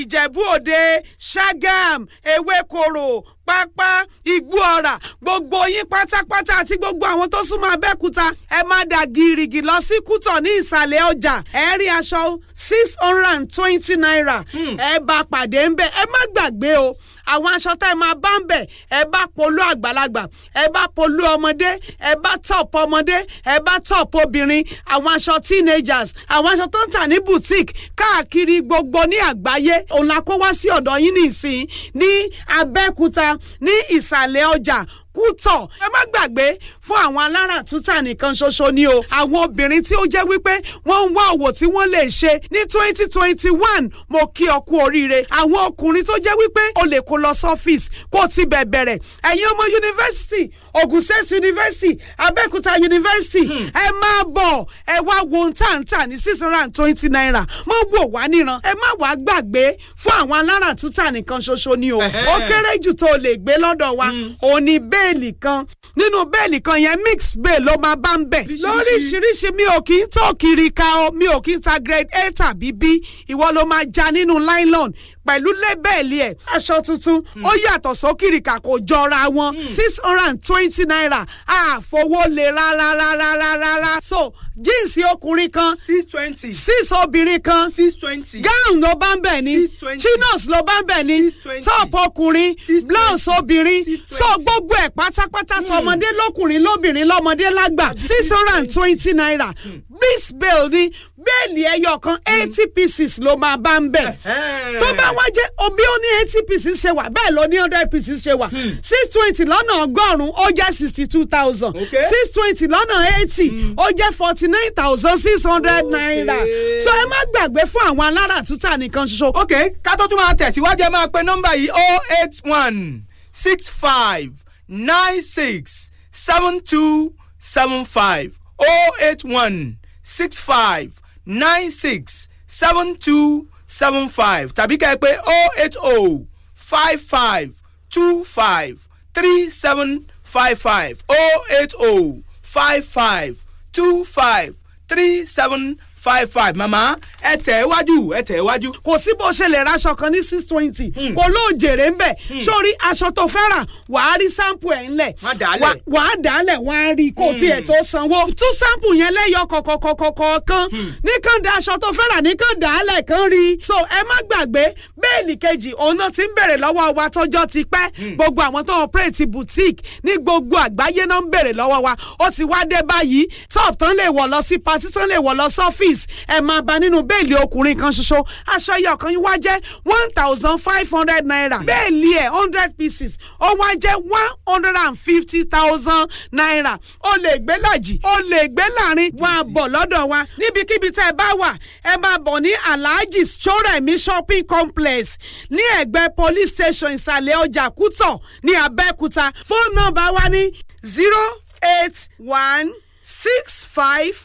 Ìjẹ̀bú Òde Ṣàgàm Ewékòró pápá igbó ọ̀rà gbogbo yín pátápátá àti gbogbo àwọn tó súnmọ́ abẹ́kúta ẹ má dà gírígì lọ sí kútọ̀ ní ìsàlẹ̀ ọjà ẹ rí aṣọ six hundred and twenty naira hmm. ẹ bá pàdé ńbẹ ẹ má gbàgbé o àwọn aṣọ tá ẹ máa bá ń bẹ̀ ẹ bá polo àgbàlagbà ẹ bá polo ọmọdé ẹ bá top ọmọdé ẹ bá top obìnrin àwọn aṣọ teenagers àwọn aṣọ tó ń tà ní boutique káàkiri gbogbo ní àgbáyé òun la kó wá sí ọ̀dọ̀ yín ní ìsìn ní Abẹ́òkúta ní ìsàlẹ̀ ọjà kútọ̀ ẹ má gbàgbé fún àwọn alára àtúntà nìkan ṣoṣo ni o àwọn obìnrin tí ó jẹ́ wípé wọ́n ń wá òwò tí wọ́n lè ṣe ní twenty twenty one mo kí ọ kú oríire àwọn ọkùnrin tó jẹ́ wípé o lè kó lọ sọ́fíìsì kó o ti bẹ̀ ẹ̀yin ọmọ yunifásitì Ogun State University Abẹ́òkúta University hmm. ẹ máa bọ̀ ẹ wá wo ntàntà ní six hundred and twenty naira mo wò wá níran ẹ má wàá gbàgbé fún àwọn alára tútà nìkan ṣoṣo ni o ó kéré jù tó lè gbé lọ́dọ̀ wa hmm. òní bẹ́ẹ̀lì kan nínú bẹ́ẹ̀lì kan yẹn mix bẹ́ẹ̀ ló máa bá ń bẹ̀ lóríṣiríṣi mi ò kì í tó kiri ka o mi ò kì í ta grade a tàbí b ìwọ ló máa ja nínú nylon pẹ̀lú lébẹ̀lì ẹ̀ aṣọ tuntun ó hmm. yàtọ̀ sókìrìkà kò jọra wọn six hundred and twenty twenty naira àfọwọ́ lè rárá rárá rárá rárá so jíǹsì ọkùnrin kan six twenty six obìnrin kan six twenty gáùn ló bá ń bẹ̀ ni chinos ló bá ń bẹ̀ ni tọ́ọ̀pù ọkùnrin blouse obìnrin so gbogbo ẹ̀ pátápátá hmm. tọmọdé lọ́kùnrin lóbìnrin lọ́mọdé lágbà hmm. six hundred and twenty naira hmm. bisbel ni bẹ́ẹ̀lì ẹyọ kan hmm. eighty pieces ló máa bá ń bẹ̀ tó bá wá jẹ́ òbí ó ní eighty pieces ṣe wà bẹ́ẹ̀ ló ní hundred pieces ṣe wà hmm. six twenty lọ́nà ọgọ́rùn-ún ó jẹ́ sixty two thousand six twenty lọ́nà eighty hmm. ó jẹ́ forty nine thousand six hundred naira so ẹ má gbàgbé fún àwọn alára àtúntà nìkan ṣoṣo. ok ká tó tún máa tẹ̀síwájú ẹ máa pe nọ́mbà yìí oh eight one six five nine six seven two seven five oh eight one six five nine six seven two seven five tàbí ká ẹ pé oh eight o oh five five two five three seven five five o oh eight o oh five five two five three seven five five mama. ẹ tẹ̀ ẹ́ wájú ẹ tẹ̀ ẹ́ wájú. kò sí bó ṣe lè raṣọ kan ní six twenty hmm. kò ló jèrè ń bẹ̀ hmm. sórí aṣọ tó fẹ́ rà wàá rí sampo ẹ̀ ńlẹ̀ wàá dàálẹ̀ wàá rí kó hmm. tiẹ̀ tó sanwó tún sampo yẹn lẹ́yọ kọ̀kọ̀kọ̀kọ̀kan nìkan da aṣọ tó fẹ́ rà nìkan dàálẹ̀ kan rí so ẹ má gbàgbé bẹ́ẹ̀lì kejì òun náà ti ń bèrè lọ́wọ́ wa tọ́jọ́ ti pẹ́ gbogbo àwọn tó operate boutique ní gbogbo àgbáyé náà ń bèrè lọ́wọ́ wa ó ti wá dé báyìí top tán lè wọ̀ lọ sí party tán lè wọ̀ lọ sọ́fíìs please ẹ máa bá nínú bẹ́ẹ̀lì ọkùnrin kan ṣoṣo aṣọ iye ọ̀kan yín wá jẹ́ one thousand five hundred naira bẹ́ẹ̀lì ẹ̀ hundred pieces ó wá jẹ́ one hundred and fifty thousand naira o lè gbé làjì o lè gbé láàrin wá bọ̀ lọ́dọ̀ wa níbikíbi tẹ́ ẹ bá wà ẹ máa bọ̀ ní alhaji soremi shopping complex ní ẹ̀gbẹ́ police station ìsàlẹ̀ ọjà kútọ̀ ní abẹ́òkúta fóònù nọ́mbà wa ní zero eight one six five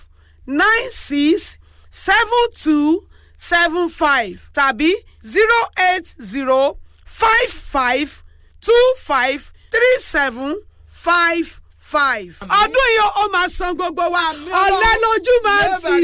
nine six seven two seven five tàbí zero eight zero five five two five three seven five five. ọdún yìí ó máa san gbogbo wa ọ̀lẹ́ lójú máa tì.